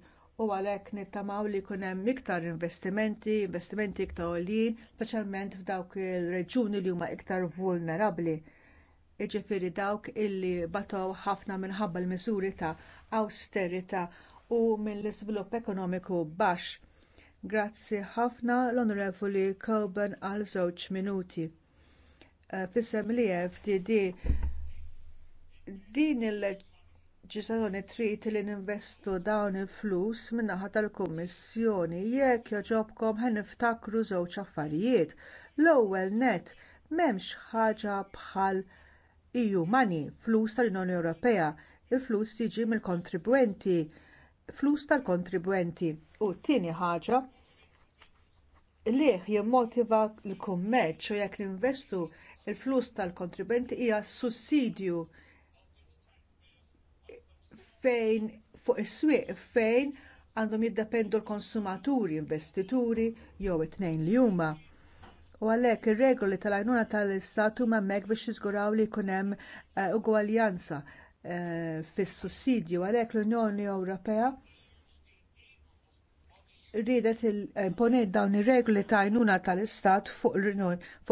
u għalhekk nittamaw li jkun hemm iktar investimenti, investimenti iktar għolin, speċjalment f'dawk il-reġuni li huma iktar vulnerabbli. Jiġifieri dawk illi batow ħafna minħabba l-miżuri ta' awsterita u mill-iżvilupp ekonomiku baxx Grazzi ħafna l-Onorevoli Coburn għal żewġ minuti. Eh, fissem li FDD din il-leġislazzjoni trid li ninvestu dawn il-flus min-naħa tal-Kummissjoni jekk joġobkom ħen niftakru żewġ affarijiet. L-ewwel nett m'hemmx ħaġa bħal EU money, flus tal-Unjoni Ewropea, il-flus tiġi mill-kontribwenti flus tal-kontribwenti. U tieni ħaġa liħ jimmotiva l-kummerċ u jekk jinvestu, l flus tal-kontribwenti hija sussidju fejn fuq is-swieq fejn għandhom jiddependu l-konsumaturi, investituri, jew it-tnejn li huma. U għalhekk ir-regoli tal-għajnuna tal-istat huma m'hekk biex jiżguraw li jkun hemm eh, ugwaljanza Eh, fis-sussidju għalhekk l-Unjoni Ewropea ridet imponiet dawn ir-regoli ta' għajnuna tal-Istat fuq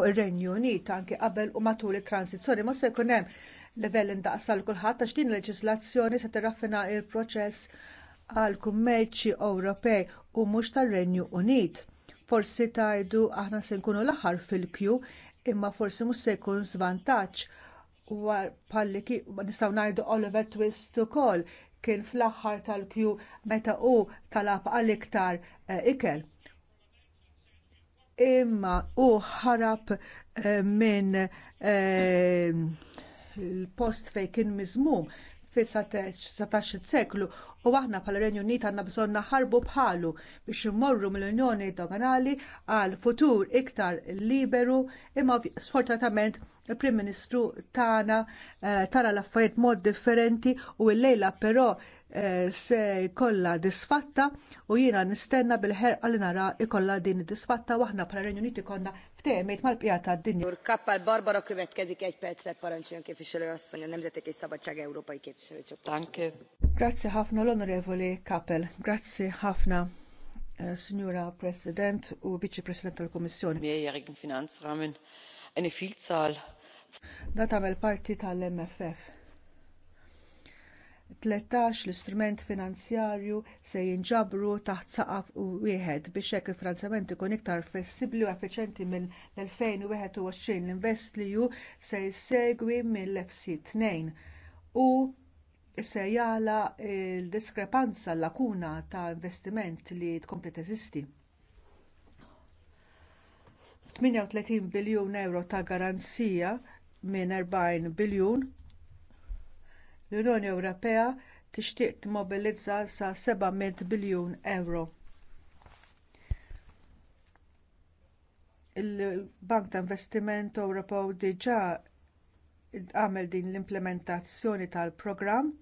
ir-Renju Unit anke qabel u matul it-transizzjoni ma se jkun hemm livell indaqsa għal kulħadd għax din il-leġiżlazzjoni se tirraffina l proċess għall kummerċi Ewropej u mhux tar-Renju Unit. Forsi tgħidu aħna se nkunu l-aħħar fil-kju imma forsi mhux se jkun żvantaġġ palli nistgħu ngħidu Oliver Twist ukoll kien fl-aħħar tal-kju meta hu talab għal-iktar eh, ikel. Imma u ħarab eh, minn eh, il-post fej kien mizmum fil 17 seklu u aħna bħala Renju Unita għandna bżonna naħarbu bħalu biex immorru mill-Unjoni Doganali għal futur iktar liberu imma sfortunatament il-Prim Ministru tagħna eh, tara l-affarijiet mod differenti u l-lejla però eh, se jkollha disfatta u jiena nistenna bil-ħerqa li nara jkollha din disfatta u aħna bħala Renju Uniti konna ftehmet mal-qija tad-dinja. Ur kappal Barbara következik egy percre parancsoljon képviselő asszony a Nemzetek kif Szabadság Európai Képviselőcsoport. Grazzi ħafna l-Onorevoli kapel. Grazzi ħafna. Eh, Signora President u Vice President tal-Kommissjoni. Mehrjährigen Finanzrahmen eine Vielzahl Da tagħmel parti tal-MFF. 13 l-istrument finanzjarju se jinġabru taħt saqaf wieħed biex hekk il-finanzjament ikun iktar flessibbli u effiċjenti minn l-2021 l-InvestLeu se jissegwi mill-FC2 u se jala l-diskrepanza l-lakuna ta' investiment li tkompli teżisti. 38 biljun euro ta' garanzija minn 40 biljun. L-Unjoni Ewropea tixtieq tmobilizza sa 700 biljun euro. Il-Bank ta' Investiment Ewropew diġà għamel din l-implementazzjoni tal-programm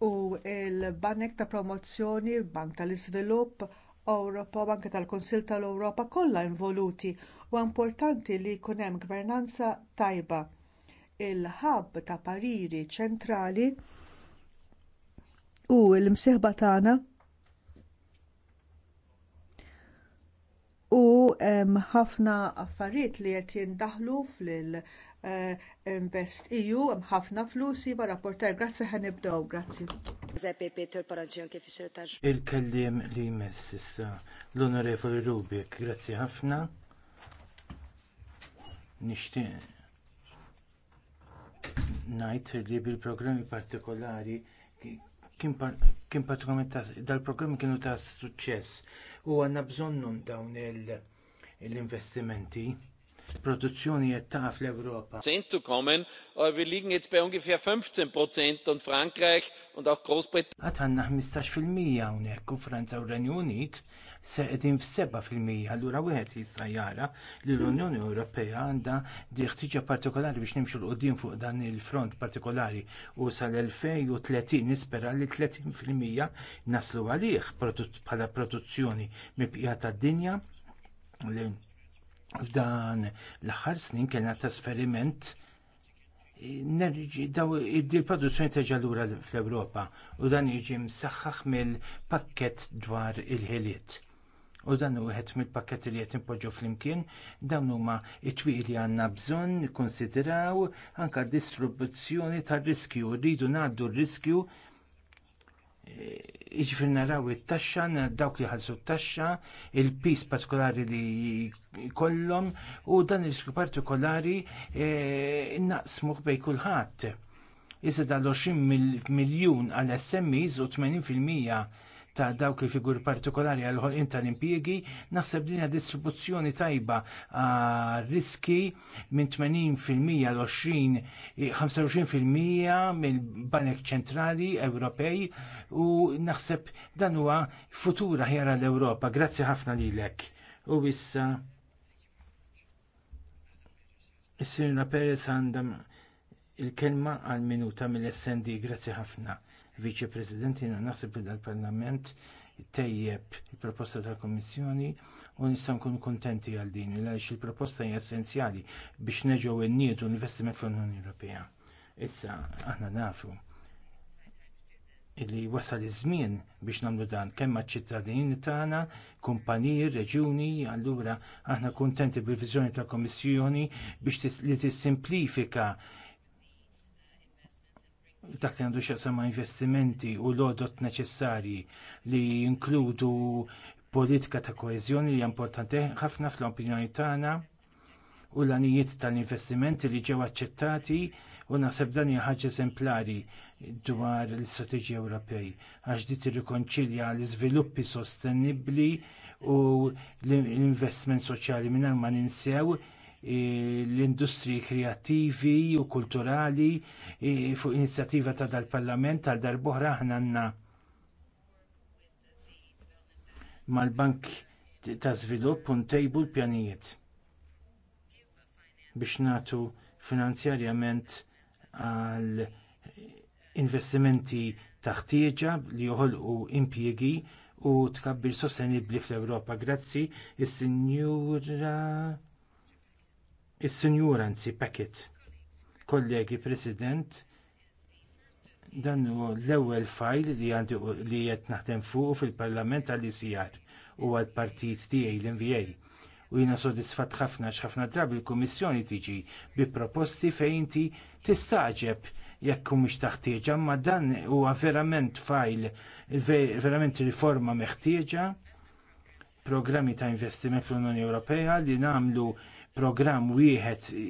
u l banek ta' promozzjoni, bank tal-Iżvilupp, Ewropa, Banka tal-Konsil tal-Ewropa kollha involuti Huwa importanti li jkun hemm gvernanza tajba. Il-ħabb ta' pariri ċentrali u l-msieħba tagħna u hemm ħafna affarijiet li qed jindaħlu fil- eh, invest EU hemm ħafna flus iva rapporter grazzi ħan nibdew grazzi. Il-kellim li jmiss issa l-Onorevoli Rubik, grazzi ħafna nixtieq ngħid li bil-programmi partikolari kien partikolarment dal-programmi kienu ta' suċċess u għandna bżonnhom dawn l-investimenti. Produzzjoni qed taqaf l-Ewropa. zu kommen, aber wir liegen jetzt bei ungefähr 15 und Frankreich und auch Großbritannien. 15% hawnhekk u Franza u Renju Unit se qegħdin f'seba' fil-mija. Allura wieħed jista' jara li l-Unjoni Ewropea għandha diħtiġa partikolari biex nimxu l-qudiem fuq dan il-front partikolari u sal-2030 nispera li 30% fil-mija naslu għalih bħala produzzjoni mibqija tad-dinja f'dan l-aħħar snin kellna trasferiment daw il-produzzjoni teġa lura fl ewropa u dan jiġi msaħħaħ mill-pakket dwar il-ħiliet. U dan u għet mill-pakket li għet impoġġu flimkien, dawn huma it-twiq li għanna bżon konsideraw anka distribuzzjoni tar riskju, rridu ngħaddu r-riskju eh, iġifir naraw it-taxxa, dawk li ħalsu t-taxxa, il-pis partikolari li kollom u dan il-riskju partikolari e, eh, naqsmuh bej kullħat. Iżda dal-20 miljun għal SMEs u 80% ta' dawk il-figur partikolari għal ħolqien tal-impjiegi, naħseb din distribuzzjoni tajba riski minn 80% l 20 25% mill-Banek Ċentrali Ewropej u naħseb dan huwa futura ħjara l-Ewropa. Grazzi ħafna lilek. U issa Is-Sirna Perez għandam il-kelma għal minuta mill-SND, grazzi ħafna. Viċi President, jiena naħseb li dal-Parlament tejjeb il-proposta tal kummissjoni u nistgħu nkunu kuntenti għal din għaliex il-proposta hija essenzjali biex neġgħu n l-investiment fl-Unjoni Ewropea. Issa aħna nafu li wasal iż-żmien biex nagħmlu dan kemm maċ ċittadini tagħna, kumpaniji, reġuni, allura aħna kuntenti bil-viżjoni tal kummissjoni biex li tissimplifika dak li għandu xaqsama investimenti u l neċessarji li jinkludu politika ta' koeżjoni li hija importanti ħafna fl-opinjoni tagħna u l għanijiet tal-investimenti li ġew aċċettati u naħseb dan hija ħaġa eżemplari dwar l-istrateġija Ewropej għax di tirrikonċilja l-iżviluppi sostenibbli u l-investiment soċjali mingħajr ma ninsew l-industri kreattivi u kulturali fuq inizjattiva ta' dal-Parlament tal darbohra aħna għandna mal-Bank ta' Żvilupp u ntejbu l-pjanijiet biex nagħtu finanzjarjament għal investimenti taħtieġa li joħolqu impjiegi u tkabbir sostenibbli fl-Ewropa. Grazzi, is-Sinjura is sinjur Anzi Packet, kollegi President, dan huwa l-ewwel fajl li għandi li qed naħdem fuq fil-Parlament għall-ICR u għall-partit tiegħi l-NVA. U jiena sodisfatt ħafna x'ħafna drabi l-Kummissjoni tiġi bi proposti fejn inti tistaġeb jekk mhux taħtieġa, ma dan huwa verament fajl, verament riforma meħtieġa programmi ta' investiment fl-Unjoni Ewropea li nagħmlu programm wieħed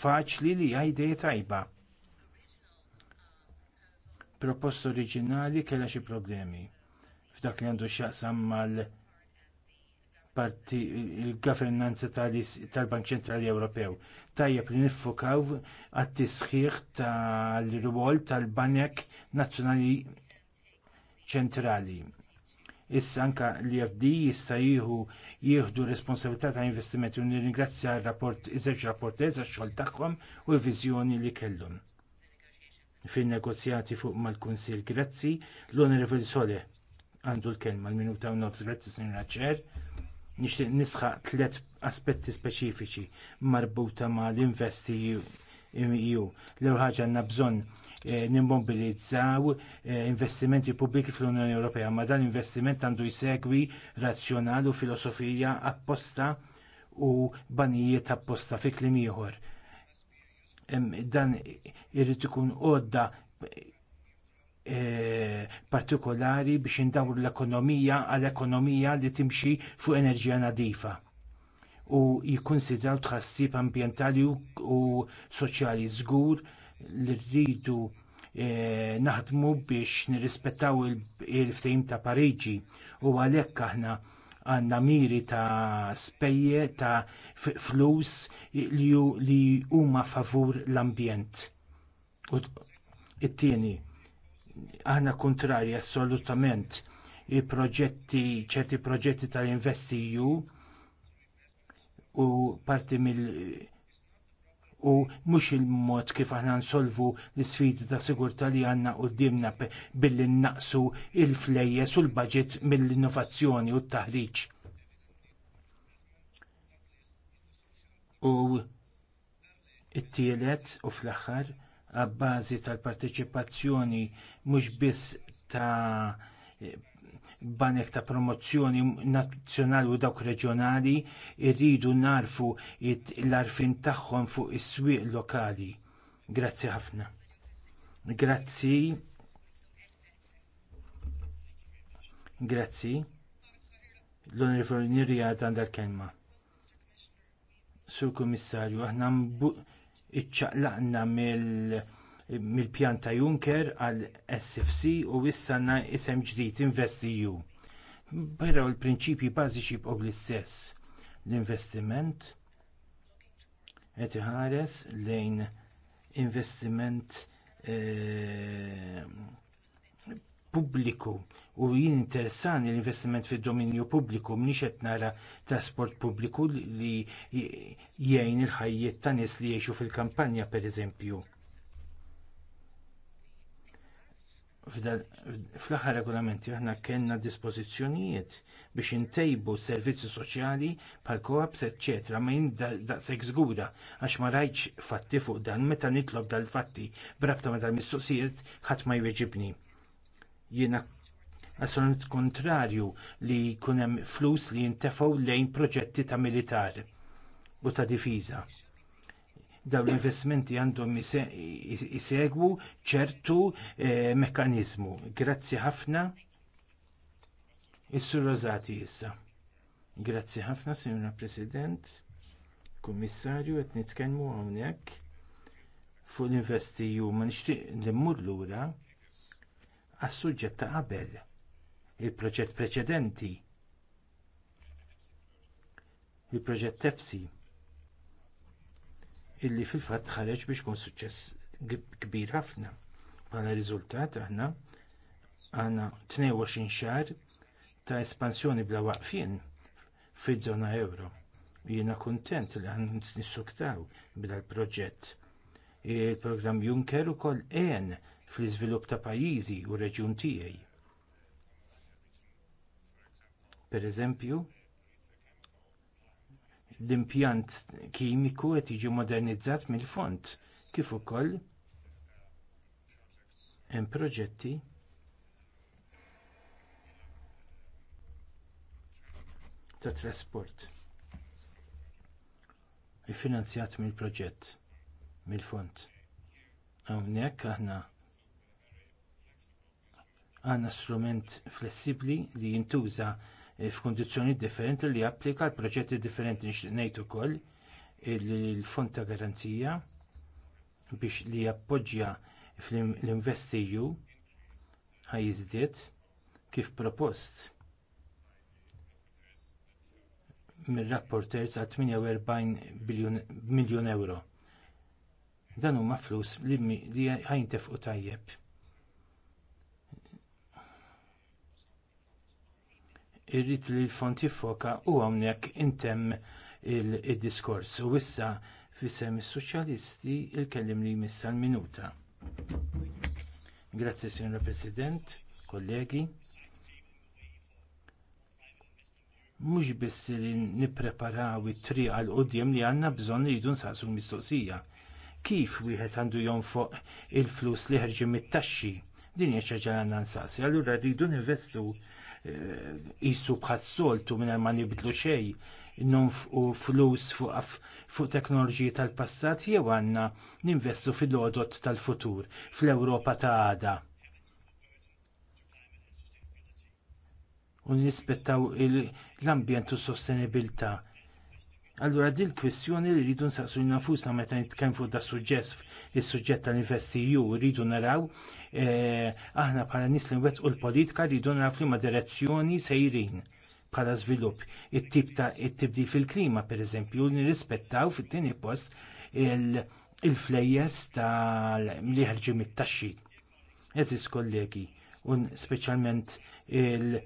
faċli li għajdej tajba. Proposta oriġinali kellha xi problemi f'dak li għandu x'jaqsam mal parti il-governanza tal-Bank Ċentrali Ewropew. Tajjeb li niffokaw għat-tisħiħ tal-rwol tal-Banek Nazzjonali Ċentrali. Issa anka li FD jista' jieħu jieħdu responsabilità ta' investimenti u nirringrazzja r-rapport iż-żewġ rapportez għax-xogħol tagħhom u l-viżjoni li kellhom. Fin-negozjati fuq mal-Kunsill Grazzi, l-Onorevoli Sole għandu l-kelma l-minuta u nofs Grazzi Sinra Ċer, nixtieq nisħaq tliet aspetti speċifiċi marbuta mal-investi imiju. E L-ewwel ħaġa għandna bżonn eh, nimmobilizzaw eh, investimenti pubbliki fl-Unjoni Ewropea, ma dan investiment għandu jsegwi razzjonali u filosofija apposta u banijiet apposta fi klim ieħor. Dan irid ikun għodda eh, partikolari biex indawru l-ekonomija għall ekonomija li timxi fuq enerġija nadifa u jikkunsidraw tħassib ambjentali u soċjali żgur li rridu e, naħdmu biex nirrispettaw il-ftehim ta' Pariġi u għalhekk aħna għandna miri ta' spejje ta' flus li huma favur l-ambjent. U it-tieni, aħna kontrarji assolutament proġetti ċerti proġetti tal investiju u parti mill u mhux il-mod kif aħna nsolvu l isfidi ta' sigurtà li għandna dimna billi naqsu l flejjes u l-budget mill-innovazzjoni u t-taħriġ. U it-tielet u fl-aħħar għabbażi tal-parteċipazzjoni mhux biss ta' banek ta' promozzjoni nazzjonali u dawk reġjonali irridu narfu l-arfin tagħhom fuq is-swieq lokali. Grazzi ħafna. Grazzi. Grazzi. L-Onorevoli Nirjad għandha l-kelma. Sur Kummissarju, aħna iċċaqlaqna mill- mill-pjan ta' Juncker għal SFC u issa isem ġdid InvestEU. Però l-prinċipji bażiċi jibqgħu l-istess. L-investiment qed iħares lejn investiment eh, pubbliku u jien interessani l-investiment fid-dominju pubbliku mniex qed nara trasport pubbliku li jgħin il-ħajjiet ta' nies li jgħixu fil-kampanja pereżempju. fl-aħħar regolamenti aħna kellna dispożizzjonijiet biex intejbu s servizzi soċjali bħal koops eċetera ma jien daqshekk żgura għax ma rajtx fatti fuq dan meta nitlob dal-fatti b'rabta ma dal-mistoqsijiet ħadd ma jweġibni. Jiena assolut kontrarju li jkun hemm flus li jintefgħu lejn proġetti ta' militar u ta' difiża dawn l-investimenti għandhom jisegwu ċertu eh, mekkaniżmu. Grazzi ħafna. Is-Sur Rosati issa. Grazzi ħafna, Signora President, Kummissarju, qed nitkellmu hawnhekk fuq l-investiju ma nixtieq li mmur lura għas-suġġett ta' qabel il-proġett preċedenti il-proġett Tefsi illi fil-fatt ħareġ biex kun suċċess kbir ħafna. Bħala riżultat aħna għandna 22 xahar ta' espansjoni bla waqfien fiż-żona euro. Jiena kuntent li għan nissuktaw bla l-proġett. Il-programm Juncker ukoll għen fl-iżvilupp ta' pajjiżi u reġjun tiegħi. Pereżempju l-impjant kimiku qed jiġi modernizzat mill-fond kif ukoll hemm proġetti ta' trasport iffinanzjat mill-proġett mill-fond. Hawnhekk aħna għandna strument flessibbli li jintuża F'kundizzjonijiet differenti li japplika għal proġetti differenti nixtieq ngħid ukoll il-fond ta' garanzija biex li jappoġġja l investiju ħajizdiet kif propost mir-rapporters għal 48 miljun euro. Dan huma flus li ħajntefqu tajjeb irrid li l-fond jiffoka u hawnhekk intemm id-diskors. U issa fisem is-soċjalisti il-kellim li jmissa l-minuta. Grazzi, Signora President, kollegi. Mhux biss li nippreparaw it-triq għal quddiem li għandna bżonn li jidun saqsu l-mistoqsija. Kif wieħed għandu jonfoq il-flus li ħerġi mit-taxxi? Din hija xi ħaġa għandna nsaqsi, allura rridu ninvestu qisu eh, bħas-soltu mingħajr ma nibdlu xejn nonfqu flus fuq fu teknoloġiji tal-passat jew għandna ninvestu fil-għodot tal-futur fl-Ewropa ta' għada. U nirrispettaw l-ambjent u s-sostenibilità Allura din l-kwistjoni li rridu nsaqsu nafusna meta nitkellem fuq da suġġett is-suġġett tal-investiju rridu naraw eh, aħna bħala nies li nwettqu l-politika rridu naraw f'liema direzzjoni sejrin bħala żvilupp. It-tip ta' it-tibdil fil-klima pereżempju nirrispettaw fit-tieni post il-flejjes tal-liħarġu mit-taxxi. Eżis kollegi, un speċjalment il-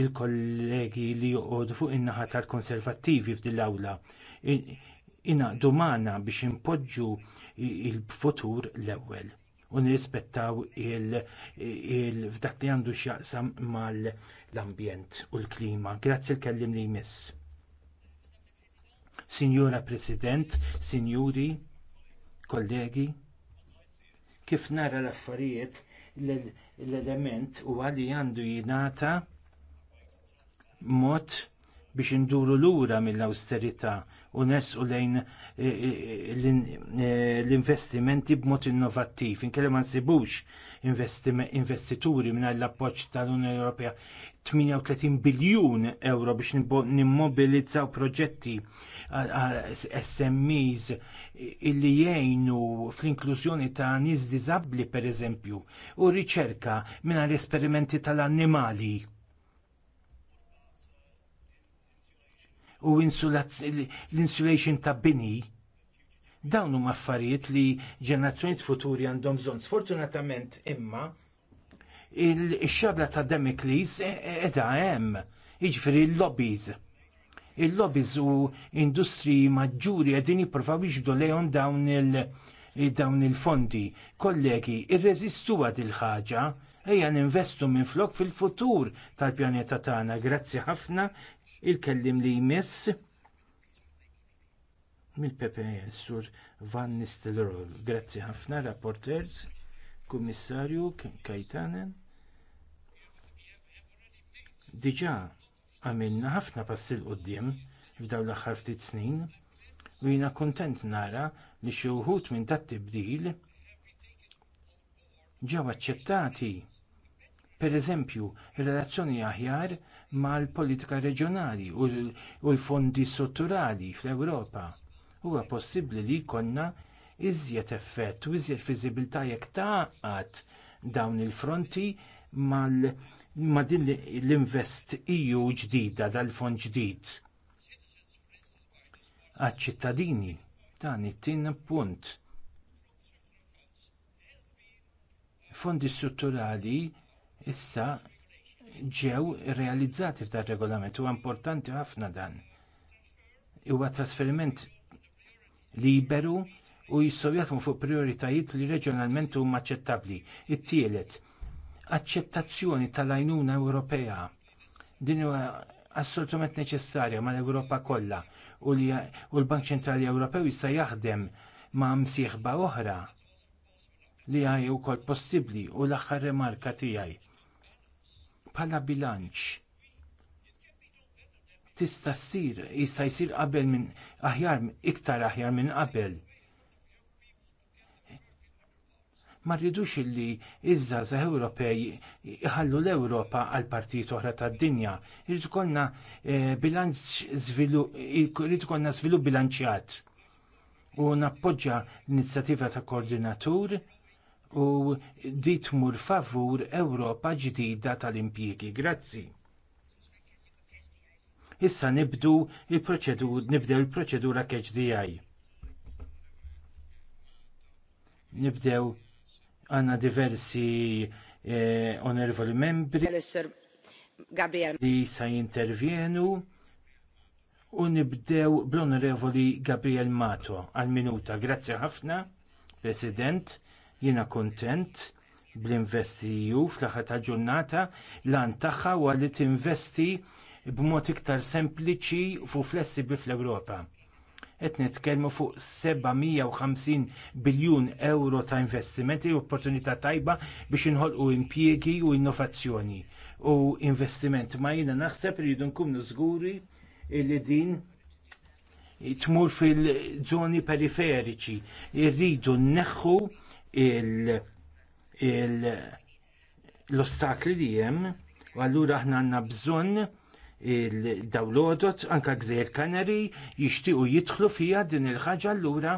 il-kollegi li joqogħdu fuq in-naħa tal-konservattivi l awla inaqdu magħna biex impoġġu il-futur l-ewwel u nirrispettaw il-f'dak li għandu x'jaqsam mal-ambjent u l-klima. Grazzi l-kellim li jmiss. Signora President, Sinjuri, kollegi, kif nara l-affarijiet l-element huwa li għandu jingħata mod biex induru lura mill awsterità u nesqu lejn e, e, e, l-investimenti b'mod innovattiv. Inkellem ma nsibux investituri mingħajr l-appoġġ tal-Unjoni Ewropea 38 biljun euro biex nimmobilizzaw proġetti SMEs illi jgħinu fl-inklużjoni ta' nies diżabbli pereżempju u riċerka mingħajr esperimenti tal-annimali u l-insulation ta' bini. Dawn huma affarijiet li ġenerazzjonijiet futuri għandhom bżonn. Sfortunatament imma il-xabla ta' Demiklis e- e- edha hemm, jiġifieri l-lobbies. Il-lobbies u industri maġġuri qegħdin jippruvaw jiġbdu lejhom dawn il- dawn il-fondi. Kollegi, irreżistu għad il-ħaġa, ejja ninvestu minn flok fil-futur tal-pjaneta tagħna. Grazzi ħafna Il-kellim li jmiss mill-PPS sur Van Nistelrooy. Grazzi ħafna, rapporters, kummissarju Kajtanen. Diġà għamilna ħafna passi l qoddim f'dawn l-aħħar ftit snin u jiena kuntent nara li xi wħud minn dat tibdil ġew aċċettati Pereżempju, ir-relazzjoni aħjar mal-politika reġjonali u l-fondi strutturali fl-Ewropa. Huwa possibbli li jkollna iżjed effett u iżjed fiżibilità jekk taqgħat dawn il-fronti mal ma din l-invest EU ġdida dal-fond ġdid. Għad-ċittadini, dan it-tin punt. Fondi strutturali issa ġew realizzati f'dan ir regolament huwa importanti ħafna dan. Huwa trasferiment liberu u jistgħu jaħdmu fuq prioritajiet li reġjonalment huma aċċettabbli. It-tielet, aċċettazzjoni tal-għajnuna Ewropea. Din huwa assolutament neċessarja mal-Ewropa kollha u l-Bank Ċentrali Ewropew jista' jaħdem ma' msieħba oħra li għaj u kol possibli u l-axħar remarka tijaj bħala bilanċ tista' ssir jista' jsir qabel minn aħjar iktar aħjar minn qabel. Ma rridux illi iż-żgħażagħ Ewropej iħallu l-Ewropa għal partit oħra tad-dinja. Irid ikollna eh, bilanċ irid konna żvilupp bilanċjat. U nappoġġja l-inizjattiva ta' koordinatur u di tmur favur Ewropa ġdida tal-impjiegi. Grazzi. Issa nibdu il-proċedur, nibdew il-proċedura KHDI. Nibdew għanna diversi eh, onorevoli membri li sa jintervjenu u nibdew bl-onorevoli Gabriel Mato għal-minuta. Grazzi ħafna, President Jiena kuntent bl-investiju fl-aħħar ta' ġurnata lan tagħha huwa li tinvesti b'mod iktar sempliċi u flessibbli fl-Ewropa. Qed nitkellmu fuq 750 biljun euro ta' investimenti u opportunità tajba biex inħolqu impjiegi u innovazzjoni u investiment ma jiena naħseb li nkunu żguri li din tmur fil-żoni periferiċi. Irridu nneħħu l-ostakli li hemm u allura aħna għandna bżonn il-dawlodot anka gżejjer Kanari jixtiequ jidħlu fiha din il-ħaġa allura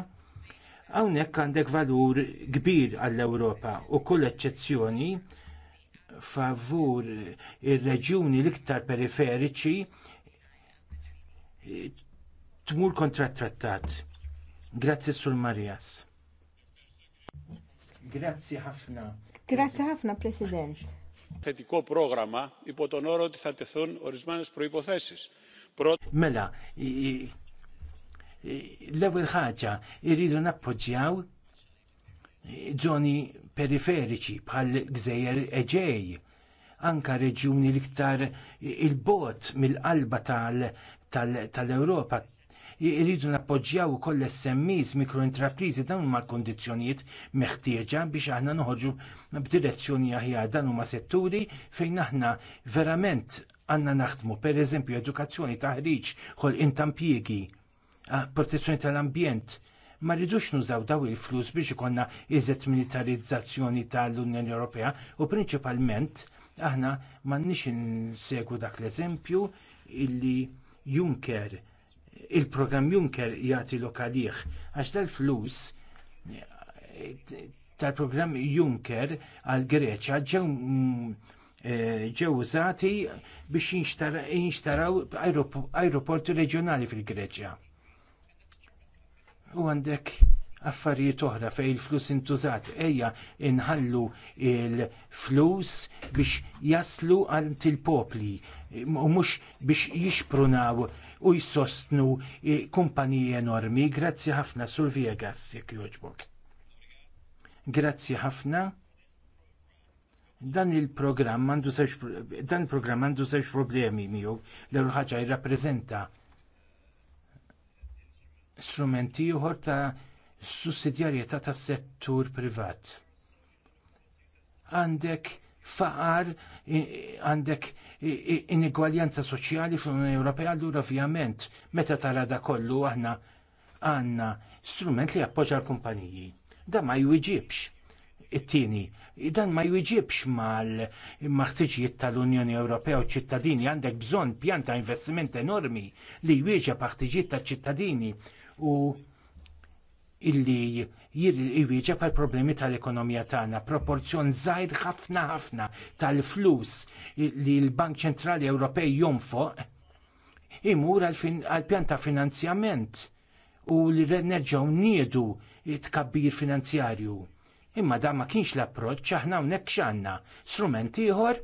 hawnhekk għandek valur kbir għall-Ewropa u kull eċċezzjoni favur ir-reġjuni l-iktar periferiċi eh, tmur kontra trattat. Grazzi sul Marias. Grazzi ħafna. Grazzi ħafna, President. Θετικό πρόγραμμα υπό τον όρο ότι θα τεθούν ορισμένες προϋποθέσεις. Mela, l-ewwel ħaġa irridu nappoġġjaw żoni periferiċi bħal gżejjer Eġej, anka reġjuni l-iktar il-bot mill-qalba tal-Ewropa, jiridu nappoġġjaw ukoll l-SMEs mikrointrapriżi dawn huma l-kundizzjonijiet meħtieġa biex aħna noħorġu b'direzzjoni aħjar dan huma setturi fejn aħna verament għandna naħdmu, pereżempju edukazzjoni, taħriġ, ħol tampjiegi, protezzjoni tal-ambjent, ma rridux nużaw daw il-flus biex ikonna iżet militarizzazzjoni tal-Unjoni Ewropea u prinċipalment aħna m'għandniex insegwu dak l-eżempju illi Juncker il-programm Juncker jagħti lokalih għax tal-flus tal-programm Juncker għal Greċja eh, ġew użati biex jinxtaraw aeroporti reġjonali fil-Greċja. U għandek affarijiet oħra fejn il-flus intużat ejja inħallu l flus biex jaslu għal il popli u mhux biex jixprunaw u jsostnu kumpaniji enormi. Grazzi ħafna Sur Viegas jekk jogħġbok. Grazzi ħafna. Dan il-programm għandu żewġ dan il-programm għandu problemi miegħu l ħaġa jirrappreżenta strumenti ieħor ta' sussidjarjetà tas-settur privat. Għandek faqar għandek inigwaljanza soċjali fl-Unjoni Ewropea allura ovvjament meta tara da kollu aħna għandna strument li appoġġa l-kumpaniji. Dan ma jwiġibx. It-tieni, dan ma jwiġibx mal-ħtiġijiet tal-Unjoni Ewropea u ċittadini għandek bżonn pjanta investiment enormi li jwieġeb ħtiġijiet tal-ċittadini u illi jirriġa għal problemi tal-ekonomija tagħna. Proporzjon żgħir ħafna ħafna tal-flus li l-Bank Ċentrali Ewropej jonfoq imur għal pjanta finanzjament u li nerġgħu niedu tkabbir finanzjarju. Imma dan ma kienx l-approċċ aħna hawnhekk x'għandna strumenti ieħor